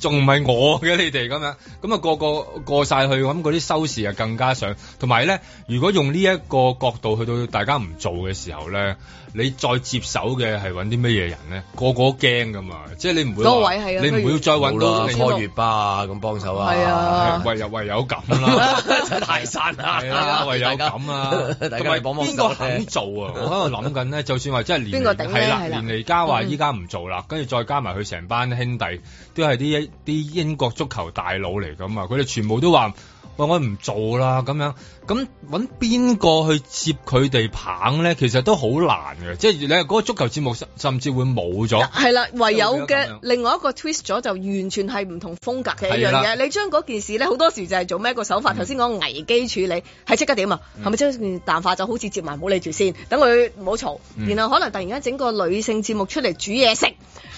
仲唔係我嘅你哋咁樣，咁啊個個過曬去，咁嗰啲收視啊更加上，同埋咧，如果用呢一個角度去到大家唔做嘅時候咧。你再接手嘅係揾啲咩嘢人咧？個個驚咁嘛，即係你唔會話、那個啊，你唔會再揾到初月巴咁幫手啊！係啊，啊，唯有唯有咁啦、啊，太 山啊，啊，唯有咁啊！同埋邊個肯做啊？做啊 我喺度諗緊咧，就算話真係連係啦、啊啊，連嚟家話依家唔做啦，跟、嗯、住再加埋佢成班兄弟都係啲一啲英國足球大佬嚟咁啊！佢哋全部都話。喂，我唔做啦，咁樣咁揾邊個去接佢哋棒咧？其實都好難嘅，即係你嗰個足球節目甚至會冇咗。係、啊、啦，唯有嘅另外一個 twist 咗就完全係唔同風格嘅一樣嘢。你將嗰件事咧好多時候就係做咩個手法？頭先講危機處理係即刻點啊？係咪即係淡化就好似接埋冇理住先，等佢唔好嘈，然後可能突然間整個女性節目出嚟煮嘢食、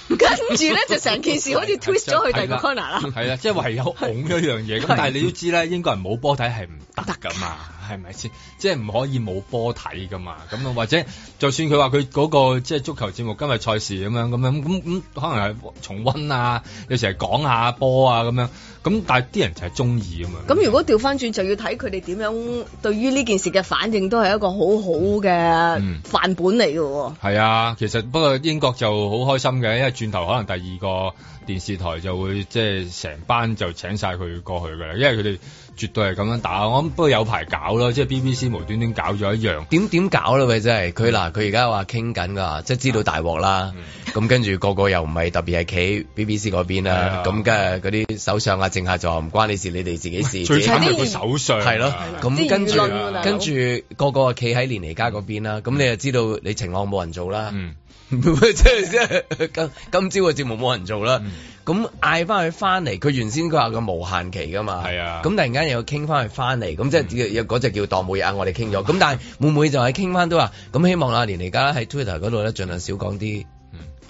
嗯，跟住咧就成件事好似 twist 咗去第二個 corner 啦。係啦，即係、就是、唯有咁一樣嘢。咁但係你都知咧，應該。冇波睇係唔得噶嘛～係咪先？即係唔可以冇波睇噶嘛？咁啊，或者就算佢話佢嗰個即係足球節目今日賽事咁樣咁樣咁咁、嗯嗯，可能係重温啊，有時係講下波啊咁樣。咁但係啲人就係中意咁樣。咁如果調翻轉，就要睇佢哋點樣對於呢件事嘅反應，都係一個好好嘅範本嚟噶。係、嗯嗯、啊，其實不過英國就好開心嘅，因為轉頭可能第二個電視台就會即係成班就請晒佢過去噶啦，因為佢哋絕對係咁樣打。我諗不過有排搞。即係 BBC 無端端搞咗一樣，點點搞咯，啊？喂，就是，真係佢嗱，佢而家話傾緊噶，即係知道大鑊啦。咁跟住個個又唔係特別係企 BBC 嗰邊啦，咁梗係嗰啲首相啊，政客就唔關你事，你哋自己事，啊。最慘係個首相，係咯。咁跟住跟住個個啊企喺連尼加嗰邊啦，咁，嗯，你啊知道你晴朗冇人做啦。嗯，即係即係今今朝嘅節目冇人做啦。嗯咁嗌翻佢翻嚟，佢原先佢話個無限期噶嘛，係啊，咁突然間又要傾翻佢翻嚟，咁即係有嗰隻、嗯、叫當冇嘢。我哋傾咗，咁但係會唔會就係傾翻都話咁希望阿蓮而家喺 Twitter 嗰度咧，盡量少講啲。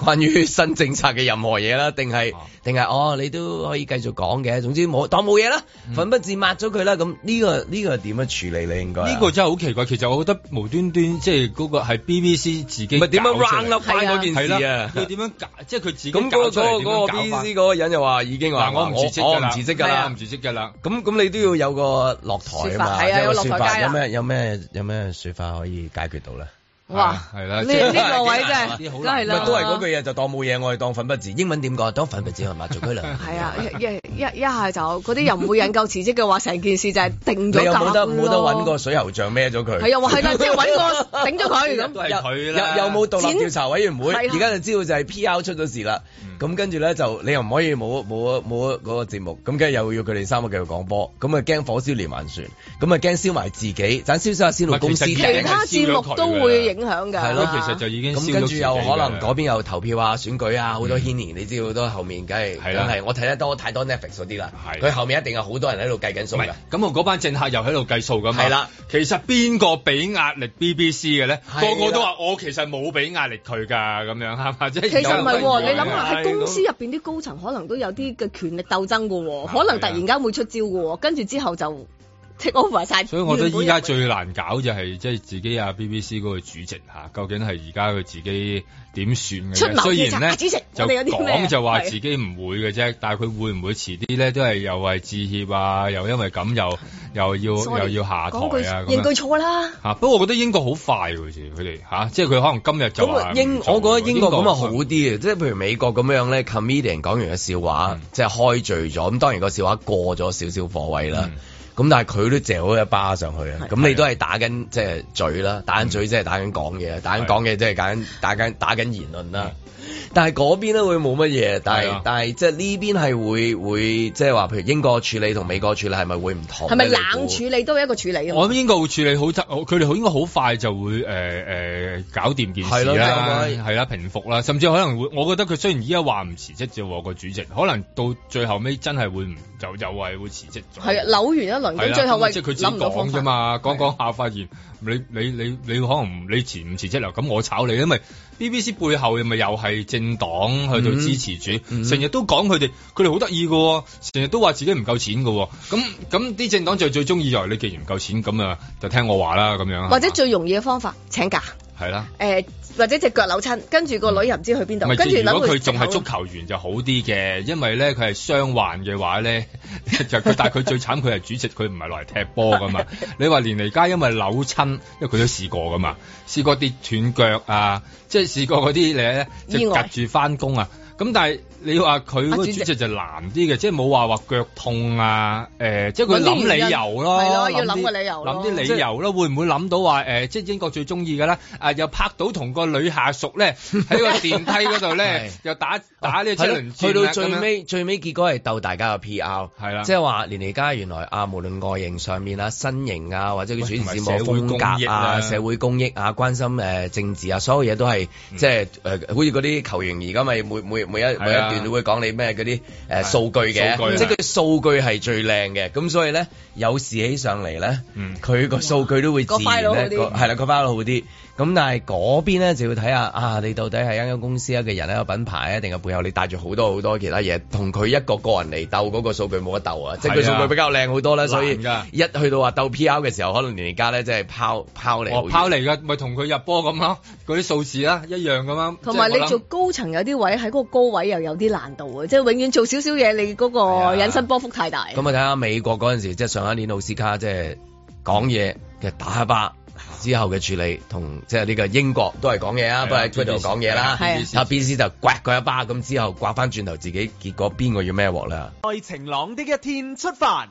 關於新政策嘅任何嘢啦，定係定係哦，你都可以繼續講嘅。總之冇當冇嘢啦，嗯、粉筆字抹咗佢啦。咁呢、這個呢、這個點樣處理你應該呢、這個真係好奇怪。其實我覺得無端端即係嗰個係 B B C 自己唔係點樣 run up 翻嗰、啊、件事啊？佢點、啊啊、樣解即係佢自己咁嗰、那個 B B C 嗰個人又話已經話我唔知唔辭職噶啦，唔辭職噶啦。咁咁你都要有個落台嘛？啊台啊、有落台有咩有咩有咩說法可以解決到咧？嘩哇，係啦，呢呢、這個位真係，是都係嗰句嘢就當冇嘢，我哋當粉筆字。英文點講？當粉筆字係咪？做佢啦。係啊，一一一下就嗰啲人唔會引咎辭職嘅話，成 件事就係定咗架。冇得冇得揾個水喉像孭咗佢？係啊，係，即係揾個頂咗佢咁。都係佢啦。有冇獨立調查委員會？而家就知道就係 P.R. 出咗事啦。咁跟住呢，就你又唔可以冇冇冇嗰個節目，咁跟住又要佢哋三個繼續講波，咁就驚火燒連環船，咁就驚燒埋自己，盞燒燒啊線路公司，其實其他節目都會影響㗎。其實就已經燒嘅。咁跟住又可能嗰邊有投票啊、選舉啊，好多牽連，你知道好多後面梗係係啦，我睇得多太多 Netflix 嗰啲啦，佢後面一定有好多人喺度計緊數㗎。咁我嗰班政客又喺度計數㗎。係啦，其實邊個俾壓力 BBC 嘅呢？個個都話我其實冇俾壓力佢㗎，咁樣係嘛？其實唔係喎，你諗下公司入邊啲高層可能都有啲嘅權力鬥爭噶喎、哦嗯，可能突然間會出招噶喎、哦嗯，跟住之後就。所以，我覺得依家最難搞就係即係自己啊 BBC 嗰個主席、啊、究竟係而家佢自己點算嘅？出雖然策，主席我哋有啲咩？就講就話自己唔會嘅啫，但係佢會唔會遲啲咧？都係又係致歉啊，又因為咁又又要 Sorry，又要下台啊？應該錯啦，不過、啊、我覺得英國好快喎，佢哋吓，即係佢可能今日就英，我覺得英國咁啊好啲啊！即係、就是、譬如美國咁樣咧，comedian 講完個笑話即係、嗯就是、開罪咗，咁當然個笑話過咗少少火位啦。嗯咁但係佢都嚼咗一巴上去啊！咁你都係打緊即係嘴啦，打緊嘴即係打緊講嘢啦，打緊講嘢即係打緊打緊打緊言論啦。但係嗰邊咧會冇乜嘢，但係但係即係呢邊係會會即係話，譬如英國處理同美國處理係咪會唔同？係咪冷處理都係一個處理？我諗英國會處理好佢哋應該好快就會誒、呃呃、搞掂件事啦，係啦、啊就係啊啊、平復啦，甚至可能會，我覺得佢雖然依家話唔辭職啫個主席可能到最後尾真係會唔就又係會辭職。係、啊、扭完一輪，到最後為諗唔到方咋嘛，講講、啊就係啊、下發現。你你你你可能你辭唔辭職啦？咁我炒你，因為 B B C 背後又咪又係政黨去到支持住，嗯、嗯、成日都講佢哋，佢哋好得意噶，成日都話自己唔夠錢噶，咁咁啲政黨就最中意就係你既然唔夠錢，咁啊就聽我話啦咁樣，或者最容易嘅方法，請假。係啦、啊，誒、呃、或者隻腳扭親，跟住個女又唔知去邊度。如果佢仲係足球員就好啲嘅，因為咧佢係傷患嘅話咧，就 佢，但係佢最慘，佢係主席，佢唔係落嚟踢波噶嘛。 你話連嚟家因為扭親，因為佢都試過噶嘛，試過跌斷腳啊，即係試過嗰啲咧就隔住返工啊，咁但係。你話佢個主角就難啲嘅、啊，即係冇話話腳痛啊，呃、即係佢諗理由咯，係咯，要諗個理由，諗啲理，理由咯，會唔會諗到話、呃、即係英國最中意嘅啦，又拍到同個女下屬咧喺 個電梯嗰度咧， 又打、啊、打呢個車輪戰，去到最尾最尾結果係鬥大家嘅 P.R. 係啦、啊，即係話連嚟家原來啊，無論外形上面啊、身形啊，或者佢主持節目風格啊，啊，啊、社會公益啊、關心、啊、政治啊，所有嘢都係即係好似嗰啲球員而家咪每每每，每一佢會講你咩嗰啲誒數據嘅，即係佢數據係最靚嘅，咁所以咧有時起上嚟咧，佢、嗯、個數據都會自然咧，係啦，個包好啲。咁但係嗰邊咧就要睇下啊，你到底係一間公司、一個人、一個品牌啊，定係背後你帶住好多好多其他嘢，同佢一個個人嚟鬥嗰個數據冇得鬥啊，即係佢數據比較靚好多啦，所以一去到話鬥 P.R. 嘅時候，可能而家咧即係拋拋嚟，拋嚟噶，咪同佢入波咁咯，嗰啲數字啦，一樣㗎嘛。同埋你做高層有啲位喺嗰個高位又有啲難度啊，即係永遠做少少嘢，你嗰個引伸波幅太大。咁啊睇下美國嗰陣時，即係上一年奧斯卡即係講嘢嘅打黑巴。之後嘅處理同即係呢個英國都係講嘢啊，都係出邊講嘢啦。阿 B C 就颳佢一巴，咁之後颳翻轉頭自己，結果邊個要咩鑊咧？在晴朗的一天出發。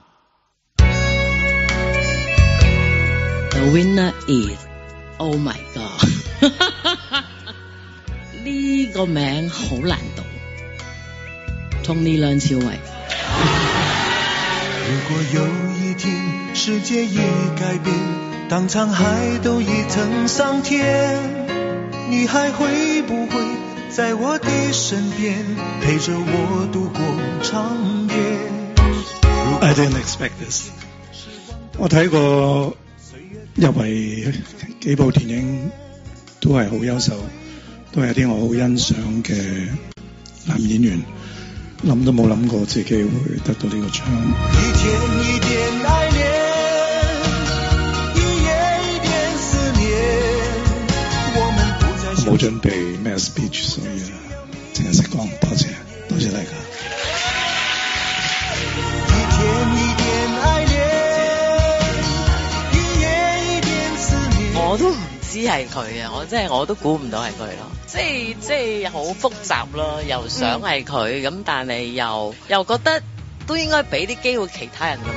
The winner is，Oh my god，呢 個名好難讀，Tony 梁朝偉。 如果有一天世界已改變。當滄海都已成桑田你還會不會在我的身邊陪着我度過長夜？我睇過因為幾部電影，都係好優秀，都係一啲我好欣賞嘅男演員，諗都冇諗過自己會得到呢個獎。一天一天準備咩 speech 所以淨係識講，多謝多謝大家。我都唔知係佢啊，我真係我都估唔到係佢咯，即係即係好複雜咯，又想係佢咁，但係又又覺得都應該俾啲機會其他人㗎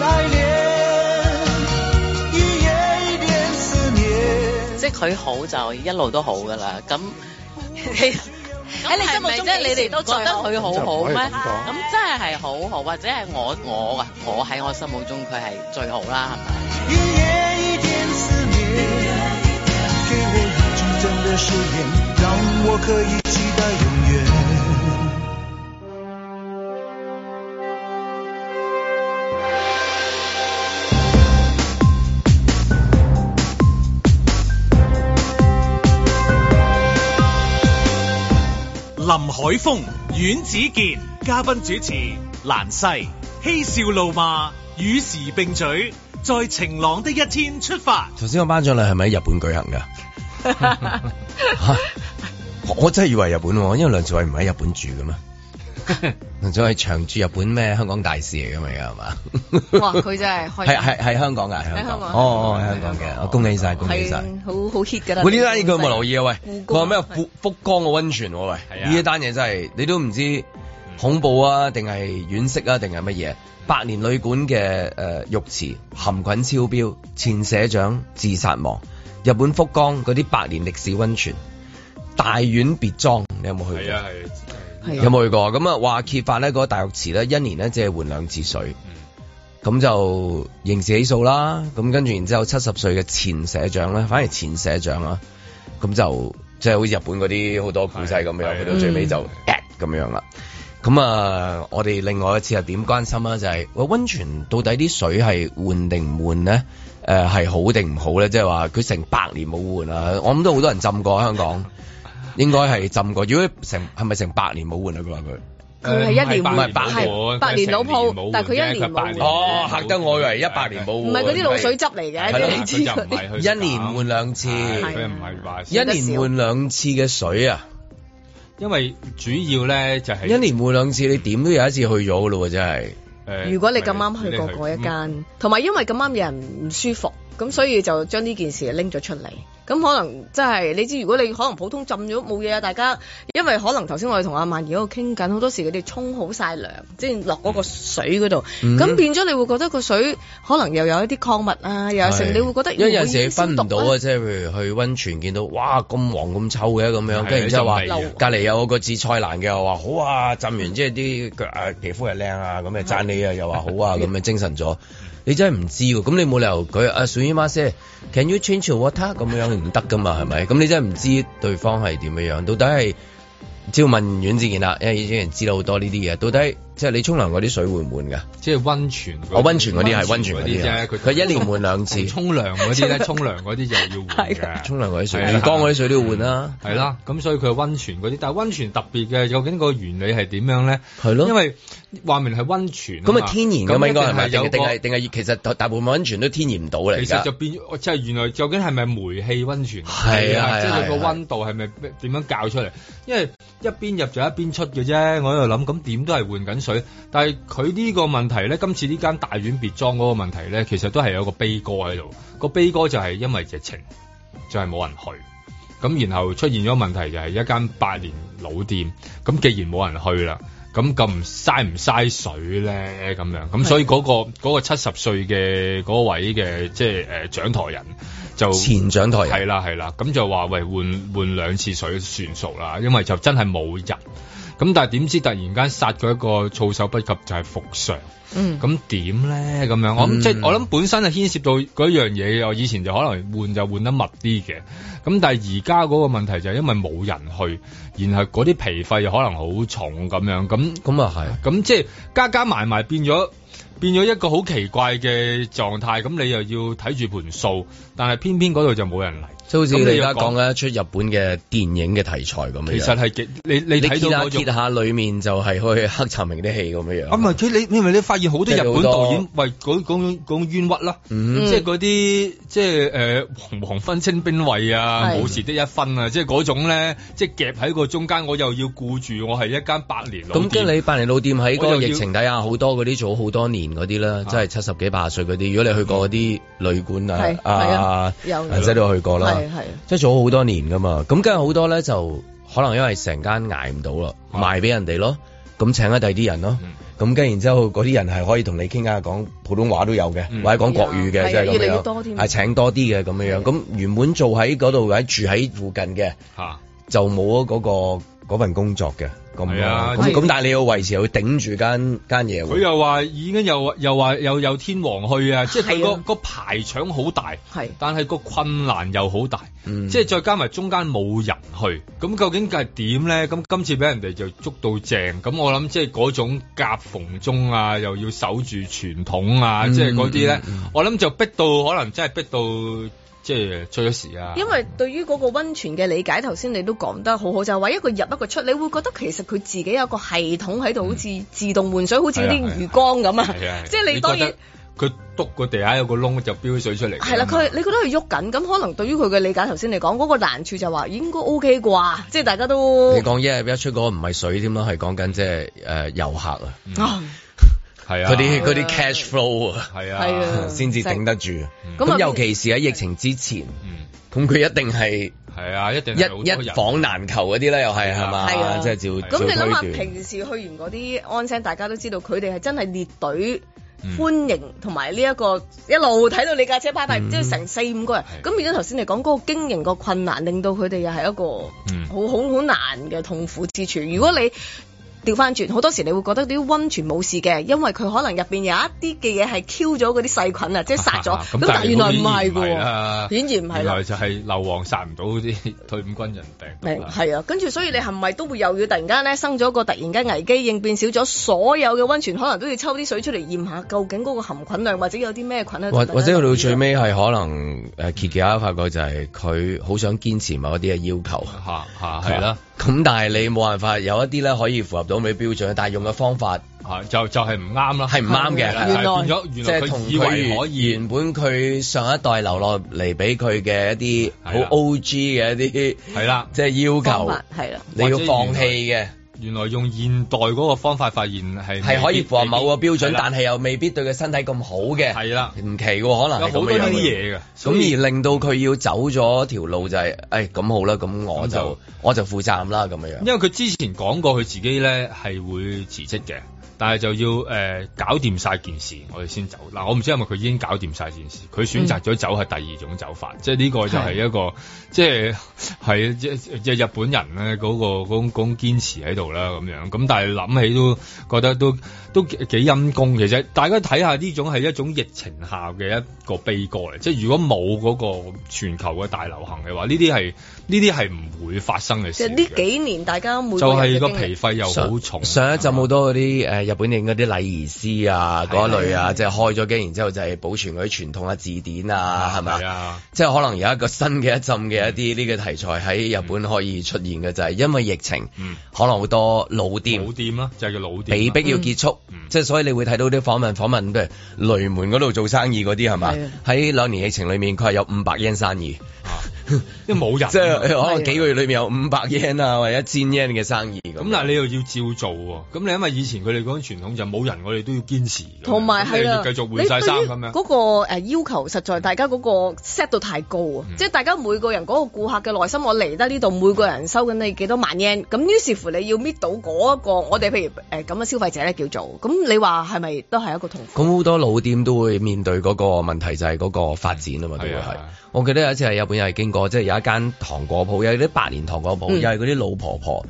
嘛。即佢好就一路都好噶啦，咁、嗯、喺、嗯嗯欸、你心目中即你哋都覺得佢好好咩？咁、嗯、真係係好好，或者係我我啊，我喺我，我心目中佢係最好啦，係咪？林海峰、阮子健嘉賓主持，蘭西嬉笑怒罵，與時並舉，在晴朗的一天出發。頭先個頒獎禮係咪喺日本舉行噶？ 我真係以為日本，因為梁朝偉唔喺日本住噶嘛。仲 係長住日本咩，香港大使嚟噶嘛？係嘛？ 哇！佢真係係係係香港噶，香港哦哦，香港嘅、哦，我恭喜晒，恭喜晒，好好 hit 噶啦！嗰啲單嘢佢有冇留意啊？喂，佢話咩？福福岡嘅温泉喂，呢一單嘢真係你都唔知，嗯、恐怖啊，定係惋惜啊，定係乜嘢？百年旅館嘅誒浴池含菌超標，前社長自殺亡。日本福岡嗰啲百年歷史温泉大院別莊，你有冇去過？有冇去過？咁啊話揭發呢個個大浴池咧，一年咧只係換兩次水。咁、嗯、就刑事起訴啦。咁跟住，然之後七十歲嘅前社長咧，反而前社長啊，咁就即係、就是、好似日本嗰啲好多古仔咁樣、嗯，去到最尾就 at 咁樣啦。咁、嗯、啊，我哋另外一次又點關心啦？就係、是、喂，溫泉到底啲水係換定唔換咧？誒、呃、係好定唔好咧？即係話佢成百年冇換啊！我諗都好多人浸過香港。 應該係浸過，如果成係咪成百年冇換啊？佢話佢，佢係一年唔係、呃、百年百，百年老鋪，但係佢一年換哦，吓得我以為一百年冇換，唔係嗰啲滷水汁嚟嘅，一年換兩次，一年換兩次嘅水、啊、水啊！因為主要咧就係、是、一年換兩次，你點都有一次去咗咯、啊，真係、呃。如果你咁啱去過嗰一間，同、嗯、埋因為咁啱有人唔舒服，咁、嗯、所以就將呢件事拎咗出嚟。咁可能即係、就是、你知，如果你可能普通浸咗冇嘢啊，大家因為可能頭先我哋同阿曼兒嗰度傾緊，好多時佢哋沖好曬涼即係落嗰個水嗰度，咁、嗯、變咗你會覺得個水可能又有一啲礦物啊，嗯、又有成你會覺得，因為有時分唔到啊，即係譬如去溫泉見到，哇咁黃咁臭嘅咁樣，跟住即係話隔離有個紫菜蘭嘅又話好啊，浸完即係啲腳啊皮膚係靚啊，咁啊讚你啊又話好啊，咁啊精神咗。 你真係唔知喎，咁你冇理由佢啊，水姨媽姐，can you change your water 咁樣唔得噶嘛，係咪？咁你真係唔知對方係點樣樣，到底係只要問阮志健啦，因為阮志健知道好多呢啲嘢，到底。即係你沖涼嗰啲水會會換唔換㗎？即係溫泉，我溫泉嗰啲係溫泉嗰啲啫。佢佢一年換兩次。沖涼嗰啲咧，沖涼嗰啲就要換嘅。沖涼嗰啲水，浴缸嗰啲水都要換、啊、啦。係啦，咁所以佢係溫泉嗰啲，但係溫泉特別嘅，究竟個原理係點樣咧？係咯，因為話明係溫泉咁啊，天然咁應該係定係定係其實大部分溫泉都天然唔到嚟。其實就變即係原來究竟係咪煤氣溫泉？係啊，即係、佢、個溫度係咪點樣較出嚟？因為一邊入咗一邊出嘅啫。我喺度諗，咁點都係換緊。水，但係佢呢個問題咧，今次呢間大院別莊嗰個問題咧，其實都係有個悲歌喺度。個悲歌就係因為疫情，就係、是、冇人去，咁然後出現咗問題就係一間百年老店，咁既然冇人去啦，咁咁嘥唔嘥水咧，咁樣，咁所以嗰、那個、那個七十歲嘅嗰位嘅即係誒掌舵人就前掌舵人係啦係啦，咁就話喂，換換兩次水算數啦，因為就真係冇人。咁但係點知突然間殺咗一個措手不及，就係復常，咁點咧咁樣？我諗、嗯、即係我諗本身係牽涉到嗰樣嘢，我以前就可能換就換得密啲嘅。咁但係而家嗰個問題就係因為冇人去，然後嗰啲疲憊又可能好重咁樣。咁咁啊係。咁、嗯就係、即係加加埋埋變咗變咗一個好奇怪嘅狀態。咁你又要睇住盤數。但係偏偏嗰度就冇人嚟，就好似你而家講緊一出日本嘅電影嘅題材咁嘅樣。其實係你你睇到你揭下揭下，裡面就係去黑澤明啲戲咁嘅樣。唔、啊、係你你咪你發現好多日本導演喂，嗰嗰冤屈啦，即係嗰啲即係誒黃昏清兵衛啊，武士的一分啊，即係嗰種咧，即、就、係、是、夾喺個中間，我又要顧住我係一間百年老店。咁經你百年老店喺嗰個疫情底下，好多嗰啲做好多年嗰啲啦，即、就、係、是、七十幾八十歲嗰啲，如果你去過嗰啲、嗯、旅館啊，啊。啊，銀石都去過啦，係係，即係做咗好多年噶嘛，咁跟住好多咧，就可能因為成間捱唔到啦，賣俾人哋咯，咁請一第二啲人咯，咁跟然之後嗰啲人係可以同你傾下講普通話都有嘅、嗯，或者講國語嘅，即係、就是、越嚟越多添，係請多啲嘅咁樣樣，咁原本做喺嗰度或者住喺附近嘅，嚇，就冇咗嗰個份工作嘅。咁啊，咁、啊、但係你要維持去頂住間間嘢，佢又話已經又又話又有天王去啊，啊即係、嗰個、啊嗰個排場好大，係、啊，但係個困難又好大，啊、即係再加埋中間冇人去，咁、嗯、究竟係點咧？咁今次俾人哋就捉到正，咁我諗即係嗰種夾縫中啊，又要守住傳統啊，嗯、即係嗰啲咧，我諗就逼到可能真係逼到。即係出咗事啊，因為對於嗰個溫泉嘅理解，頭先你都講得好好，就係、是、話一個入一個出，你會覺得其實佢自己有個系統喺度、嗯，好似自動換水，好似啲魚缸咁啊。即、嗯、係、嗯、 你當然，佢篤個地下有個窿就飆水出嚟。係、嗯、啦，佢、啊、你覺得佢喐緊，咁可能對於佢嘅理解頭先嚟講，嗰、那個難處就話應該 O K 啩，即、就、係、是、大家都。嗯、你講一入一出嗰個唔係水添咯，係講緊即係誒遊客、嗯、啊。係啊，啲啲 cash flow 係啊，啊，先至頂得住。咁、啊嗯嗯嗯、尤其是喺疫情之前，咁佢、啊嗯嗯、一定係啊，一定一一房難求嗰啲咧，又係係嘛，即係照。咁你諗下，平時去完嗰啲安盛，大家都知道佢哋係真係列隊、嗯、歡迎，同埋呢一個一路睇到你架車派，但係唔知成四五個人。咁變咗頭先你講嗰、嗰個經營個困難，令到佢哋又係一個好好好難嘅痛苦之處、嗯、如果你調翻轉，好多時你會覺得啲温泉冇事嘅，因為佢可能入邊有一啲嘅嘢係 q 咗嗰啲細菌啊，即係殺咗。咁但係原來唔係嘅，顯然唔係。原來就係硫磺殺唔到啲退伍軍人病。明係啊，跟住所以你係咪都會又要突然間咧生咗個突然間危機，應變少咗，所有嘅温泉可能都要抽啲水出嚟驗下，究竟嗰個含菌量或者有啲咩菌咧？或者者到最尾係可能誒，Kiki 發覺就係佢好想堅持某一啲嘅要求。吓吓係啦，咁、啊、但係你冇辦法有一啲咧可以符合。老美標準，但係用嘅方法係、啊、就就係唔啱啦，係唔啱嘅。變咗，原來佢同佢原本佢上一代留落嚟俾佢嘅一啲好 O G 嘅一啲係啦，即、就、係、是、要求係啦，你要放棄嘅。原來用現代嗰個方法發現係可以符合某個標準，但係又未必對佢身體咁好嘅。係啦，唔奇喎，可能有好多啲嘢嘅。咁而令到佢要走咗條路就係、是，誒、哎、咁好啦，咁我就，就我就負責啦咁樣樣。因為佢之前講過佢自己咧係會辭職嘅。但係就要誒、呃、搞掂曬件事，我哋先走。嗱，我唔知係咪佢已經搞掂曬件事，佢選擇咗走係第二種走法，嗯、即係呢個就係一個即係係即即日本人咧、嗰、嗰個咁咁、嗰個嗰個、堅持喺度啦咁樣。咁但係諗起都覺得都都幾，幾陰功嘅。其實大家睇下呢種係一種疫情下嘅一個悲歌嚟，即係如果冇嗰個全球嘅大流行嘅話，呢啲係呢啲係唔會發生嘅事。呢幾年大家就係、是、個疲憊又好重，Sir, 上一集好多嗰啲、呃日本影嗰啲禮儀師啊，嗰類啊，即係、就是、開咗機，然之後就係保存嗰啲傳統嘅、啊、字典啊，係咪？即係、就是、可能有一個新嘅一浸嘅一啲呢、嗯、這個題材喺日本可以出現嘅就係因為疫情，嗯、可能好多老店。老店啊，就係、是、叫老店、啊，被逼要結束，即、嗯、係、就是、所以你會睇到啲訪問，訪問譬如雷門嗰度做生意嗰啲係嘛？喺兩年疫情裡面，佢係有五百億生意。 因為冇人、啊，即係可能幾個月裏面有五百 yen 啊，或者一千 yen 嘅生意。咁但你又要照做、啊，咁你因為以前佢哋講傳統就冇人，我哋都要堅持。同埋係啦，繼續換晒衫咁樣。嗰個誒要求實在大家嗰個 set 度太高啊、嗯！即係大家每個人嗰個顧客嘅耐心，我嚟得呢度，每個人收緊你幾多萬 yen。咁於是乎你要搣到嗰、那、一個，我哋譬如誒咁嘅消費者咧叫做。咁你話係咪都係一個痛苦？咁好多老店都會面對嗰個問題，就係、是、嗰個發展啊嘛，都會係。 我記得有一次係日本又係經過，即係有一間糖果鋪，有啲百年糖果鋪、嗯，又係嗰啲老婆婆、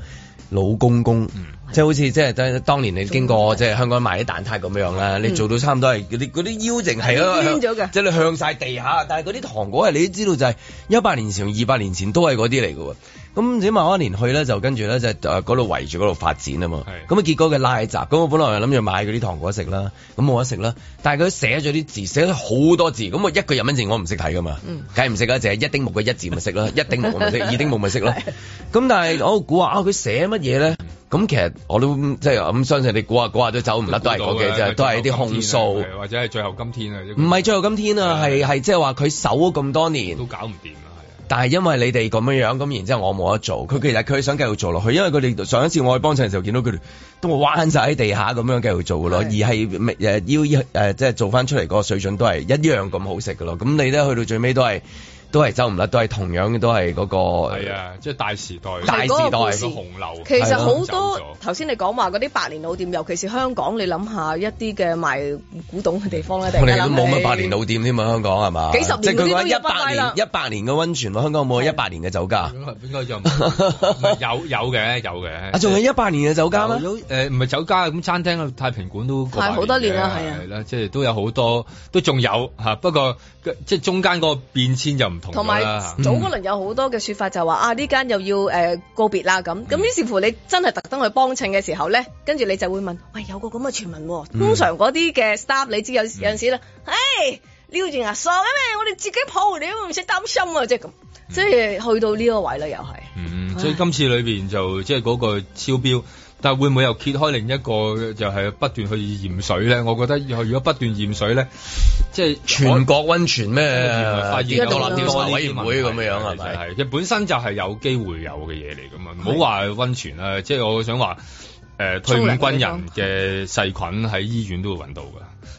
老公公，嗯、即係好似即係當年你經過即係香港賣啲蛋撻咁樣啦、嗯，你做到差唔多係嗰啲啲腰頸係啊，咗嘅、嗯，即係你向晒地下，但係嗰啲糖果係你都知道就係一百年前、二百年前都係嗰啲嚟嘅。咁自己某一年去咧，就跟住咧就誒嗰度圍住嗰度發展啊嘛。咁啊結果嘅拉雜，咁我本來又諗住買嗰啲糖果食啦，咁冇得食啦。但係佢寫咗啲字，寫咗好多字，咁我一個日文字我唔識睇噶嘛，梗係唔識啦，就係一丁目嘅一字咪識啦， 一丁目咪識， 二丁目咪識啦。咁但係我估下 啊，佢寫乜嘢咧？咁、嗯、其實我都即係咁相信你估下，估下都走唔甩，都係嗰啲即係都係啲控訴，或者係最、就是、最，最後今天啊，唔係最後今天啊，係係即係話佢守咗咁多年都搞唔掂。但係因為你哋咁樣樣，咁然之後我冇得做。佢其實佢想繼續做落去，因為佢哋上一次我去幫襯嘅時候，見到佢哋都會彎晒喺地下咁樣繼續做㗎咯。而係誒要誒即係做翻出嚟嗰個水準都係一樣咁好食㗎咯。咁你咧，去到最尾都係。都係走唔甩，都係同樣嘅，都係嗰個。係啊，即係大時代。大時代嘅紅樓。其實好多頭先你講話嗰啲百年老店，尤其是香港，你諗下一啲嘅賣古董嘅地方咧，我哋都冇乜百年老店添啊，香港係嘛？幾十年都要翻曬啦。即係佢講一百年，一百年嘅溫泉咯，香港有冇一百年嘅酒家？應該有？有有嘅有嘅。仲有一百年嘅酒家咩？誒唔係酒家咁餐廳啊，太平館都。係好多年啦，係啊。係啦，即係都有好多，都仲有嚇，不過。即係中間個變遷就唔同，同埋早嗰輪有好多嘅說法就話、嗯、啊呢間又要誒、呃、告別啦咁，咁於是乎你真係特登去幫襯嘅時候咧，跟住你就會問，喂有個咁嘅傳聞、哦嗯，通常嗰啲嘅 staff 你知有、嗯、有陣時啦唉，撩住牙傻嘅咩？我哋自己抱你都唔使擔心啊！即係咁，即係去到呢個位啦，又係。嗯，嗯所以今次裏面就即係嗰個超標。但會唔會又揭開另一個，就係、是、不斷去驗水呢？我覺得，如果不斷驗水呢，即係全國溫泉咩？啊、發有一獨立調查委員會咁樣係咪？係、就是，佢本身就係有機會有嘅嘢嚟㗎嘛。唔好話溫泉啦，即係我想話，誒、呃啊、退伍軍人嘅細菌喺醫院都會搵到㗎，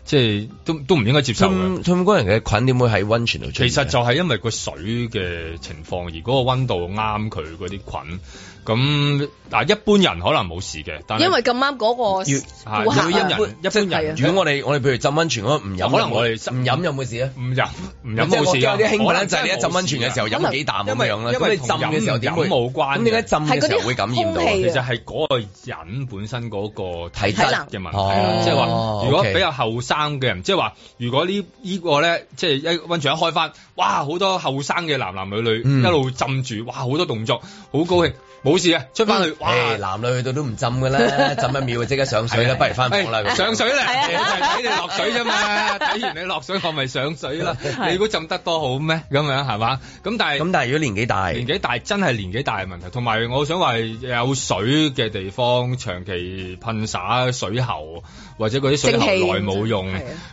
即係都都唔應該接受退伍，退伍軍人嘅菌點會喺温泉度出現？其實就係因為個水嘅情況，而嗰個温度啱佢嗰啲菌。咁、嗯、嗱，一般人可能冇事嘅，但因為咁啱嗰個顧客，一人，一般人，如果我哋、就是、我哋譬如浸温泉嗰個唔飲，可能我哋唔飲，有冇事，事啊？唔飲，唔飲冇事啊！我咧就係、是、一浸温泉嘅時候飲幾啖咁樣啦，因為因浸嘅時候點會冇關係？咁點解浸嘅時候會感染到？其實係嗰個人本身嗰個體質嘅問題啦、哦哦，即係話、okay. 如果比較後生嘅人，即係話如果個呢呢個咧，即係一温泉一開翻，哇！好多後生嘅男男女女、嗯、一路浸住，哇！好多動作，好高興，嗯好事啊，出翻去。誒、嗯，男女去到都唔浸嘅啦，浸一秒就即刻上水啦， 不如翻房啦。上水咧，就係、是、睇你落水啫嘛，睇 完你落水，我咪上水啦。你估浸得多好咩？咁樣係嘛？咁但係，咁但係如果年紀大，年紀大真係年紀大嘅問題。同埋我想話，有水嘅地方長期噴灑水喉，或者嗰啲水喉耐冇用，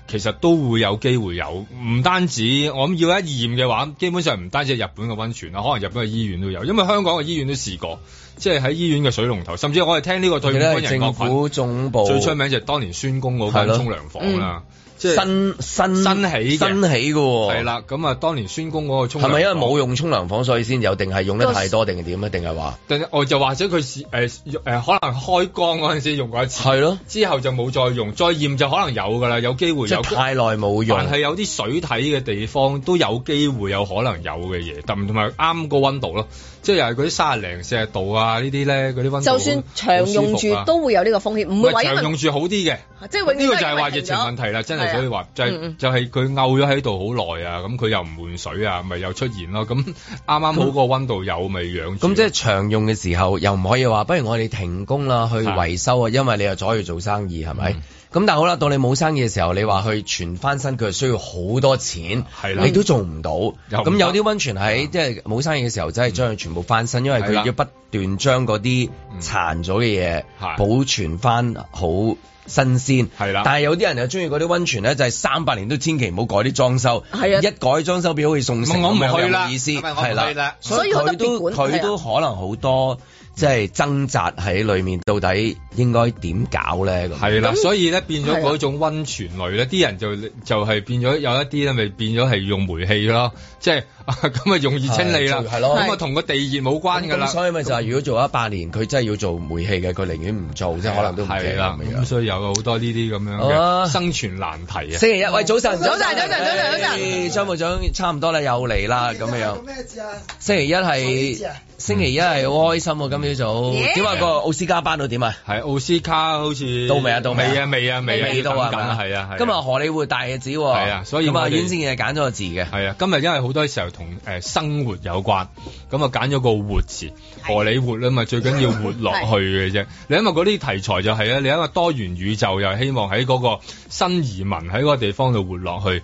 其實都會有機會有。唔單止，我諗要一驗嘅話，基本上唔單止日本嘅温泉啦，可能日本嘅醫院都有，因為香港嘅醫院都試過。即係喺醫院嘅水龍頭，甚至我哋聽呢個對唔政府總部，最出名就係當年宣公嗰間沖涼房啦、嗯。即係新新新起新起嘅係啦。咁啊，當年宣公嗰個沖涼房係咪因為冇用沖涼房所以先有？定係用得太多定係點咧？定係話定我就或者佢誒誒，可能開光嗰陣時用過一次，係咯，之後就冇再用，再驗就可能有噶啦，有機會有太耐冇用，但係有啲水體嘅地方都有機會有可能有嘅嘢，唔同埋啱個溫度咯。即係又係嗰啲三十零四十度啊，呢啲咧嗰啲溫度就算長用住，啊、都會有呢個風險，唔會長用住好啲嘅，即係呢個就係話疫情問題啦，真係所以話就係，是嗯、就佢，是、漚咗喺度好耐啊，咁佢又唔換水啊，咪又出現咯，咁啱啱好個溫度有咪 養。咁即係長用嘅時候又唔可以話，不如我哋停工啦，啊，去維修啊，因為你又阻住做生意係咪？咁但係好啦，當你冇生意嘅時候，你話去全翻新，佢係需要好多錢，係啦，你都做唔到。咁、嗯、有啲温泉喺即係冇生意嘅時候，真、就、係、是、將佢全部翻新，因為佢要不斷將嗰啲殘咗嘅嘢保存翻好新鮮。啦，但係有啲人又中意嗰啲温泉咧，就係三百年都千祈唔好改啲裝修，係啊，一改裝修畀好似送。唔，我唔去啦。意思係啦，所以佢都佢都可能好多。即係掙扎喺裏面，到底應該點搞咧？咁係啦，所以咧變咗嗰種温泉類咧，啲人就就係變咗有一啲咧，咪變咗係用煤氣咯，即係咁啊就容易清理啦，係咯，咁啊同個地熱冇關㗎啦。所以咪就係，如果做一百年，佢真係要做煤氣嘅，佢寧願唔做，即係可能都唔企啦。咁所以有好多呢啲咁樣嘅生存難題啊！星期一喂，早晨，早晨，早晨，早晨，早晨，張部長差唔多啦，又嚟啦咁樣。咩啊？星期一係。星期一係好開心喎，嗯，今朝早點話個奧斯卡頒到點啊？係奧斯卡好似都未啊？到，到未啊？未啊？未啊？未到，未到，未到啊？係啊！係啊！今日荷里活大日子喎。係啊，所以我哋原先係揀咗個字嘅。係啊，今日因為好多時候同誒，呃、生活有關，咁啊揀咗個活字，荷里，啊、活啦嘛，啊，最緊要活落去嘅啫，啊啊。你諗下嗰啲題材就係，係，啊，你諗下多元宇宙又係希望喺嗰個新移民喺嗰個地方度活落去。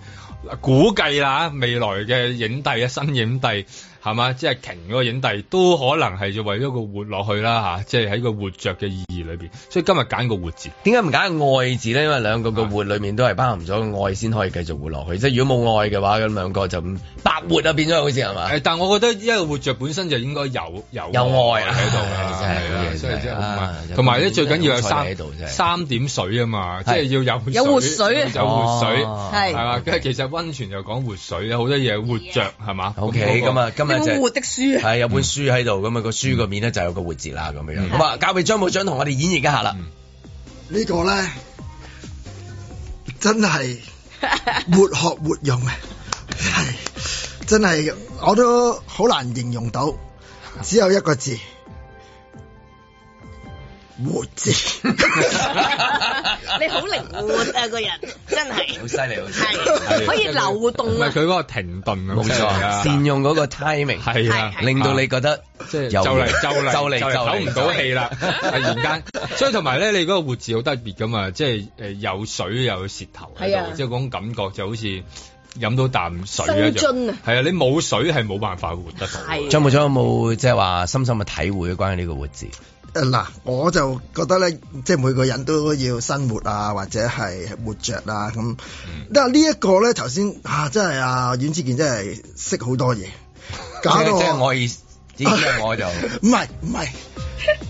估計啦，未來嘅影帝啊，新影帝。係嘛？即係鯨嗰個影帝都可能係為咗個活落去啦嚇，即係喺個活着嘅意義裏邊。所以今日揀個活字，點解唔揀個愛字咧？因為兩個個活裏面都係包含咗個愛先可以繼續活落去。係即係如果冇愛嘅話，咁兩個就白活啊，變咗好似係嘛？但係我覺得一個活着本身就應該有有有，有愛喺度係真，同埋咧，就係啊啊就係啊啊啊、最緊要、啊、要有三三點水啊嘛，即係要有有活水，有活水係係嘛？其實溫泉就講活水，哦 okay. 活有好多嘢活着，係嘛、yeah.？OK，咁、嗯、啊。Okay, 今日。活的書係有本書喺度。咁、嗯、啊、那個書個面咧就有個活字啦，咁、嗯、樣樣。嗯、好啊，交俾張部長同我哋演繹一下啦。這個、呢個咧真係活學活用啊，係真係我都好難形容到，只有一個字：活字。 你好靈活啊，個人真係好犀利，好犀利，可以流動啊！唔係佢嗰個停頓啊，冇錯啊，善用嗰個 timing 係啊，令到、啊、你覺得即、啊、就嚟、是、 就嚟就嚟就嚟唞唔到氣啦，突然 間。 休息 所以同埋咧，你嗰個活字好特別噶嘛，即係有水又有舌頭，係啊，即係嗰種感覺就好似飲到啖水啊，係啊，你冇水係冇辦法活得到。張冇張有冇即係話深深嘅體會關於呢個活字？嗱、呃，我就覺得咧，即每個人都要生活啊，或者係活着啊咁、嗯。但係呢一個咧，頭先啊，真係啊，阮志健真係識好多嘢，搞到即係我意思，係、啊、我就唔係唔係，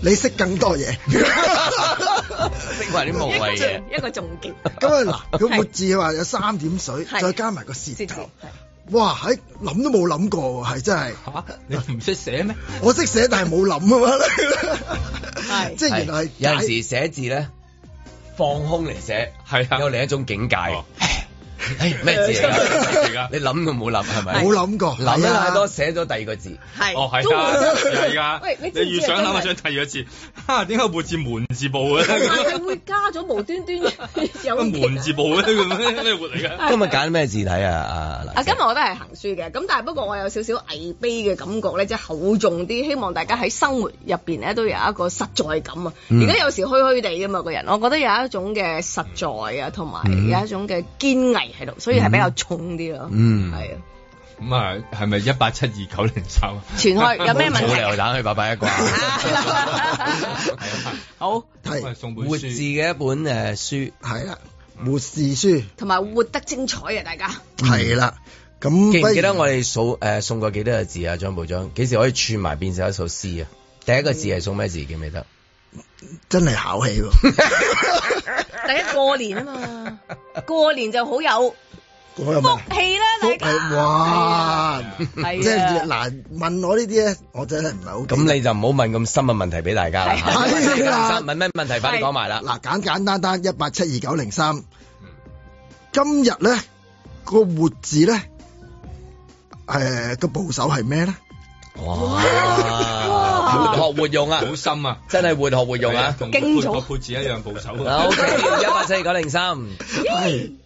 你識更多嘢，識埋啲無謂嘢，一個總結。咁啊嗱，果 活字話有三點水，再加埋個舌字頭。哇！喺諗都冇諗過，係真係。吓、啊？你唔識寫咩？ 我識寫，但係冇諗啊嘛。 是 即係原來有陣時寫字咧，放空嚟寫係有另一種境界。 哎，咩字，啊，你諗都冇諗，係咪？冇諗過，諗得太多，寫咗第二個字。係，哦係㗎，啊 啊，喂，你預想諗下想，想，想，想第二個字，嚇點解會似門字部嘅？係 會加咗無端端嘅有 門字部咧？咁 㗎， 啊啊？今日揀咩字體呀？今日我都係行書嘅，咁但係不過我有少少危悲嘅感覺呢，即係厚重啲，希望大家喺生活入面呢，都有一個實在感。而家，嗯，有時虛虛地㗎嘛，個人，我覺得有一種嘅實在呀，同埋有，有一種嘅堅毅。嗯所以係比較重啲咯。嗯，係啊。咁、嗯、啊，係咪一八七二九零三？傳開有咩問題？冇理由，去拜拜一卦、啊。 好，係活字嘅一本誒書，係啦，活字、呃、書，同埋活得精彩啊！大家係啦、嗯嗯。記唔記得我哋數誒送過幾多個字啊？張部長，幾時可以串埋變成一首詩啊？第一個字係送咩字記唔記得？嗯、真係考起。 第一過年啊嘛，過年就好有福氣啦，大家。哇，係啊，即係嗱，問我呢啲咧，我真係唔係好。咁你就唔好問咁深嘅問題俾大家啦。係啦，唔問咩問題？快啲講埋啦。嗱，簡簡單單一八七二九零三。今日咧個活字咧，誒個部首係咩咧？哇，哇！活學活用啊，好深啊，真係活學活用啊，同個配置一樣保守啊。O K，一八四九零三。Okay, 14, 03,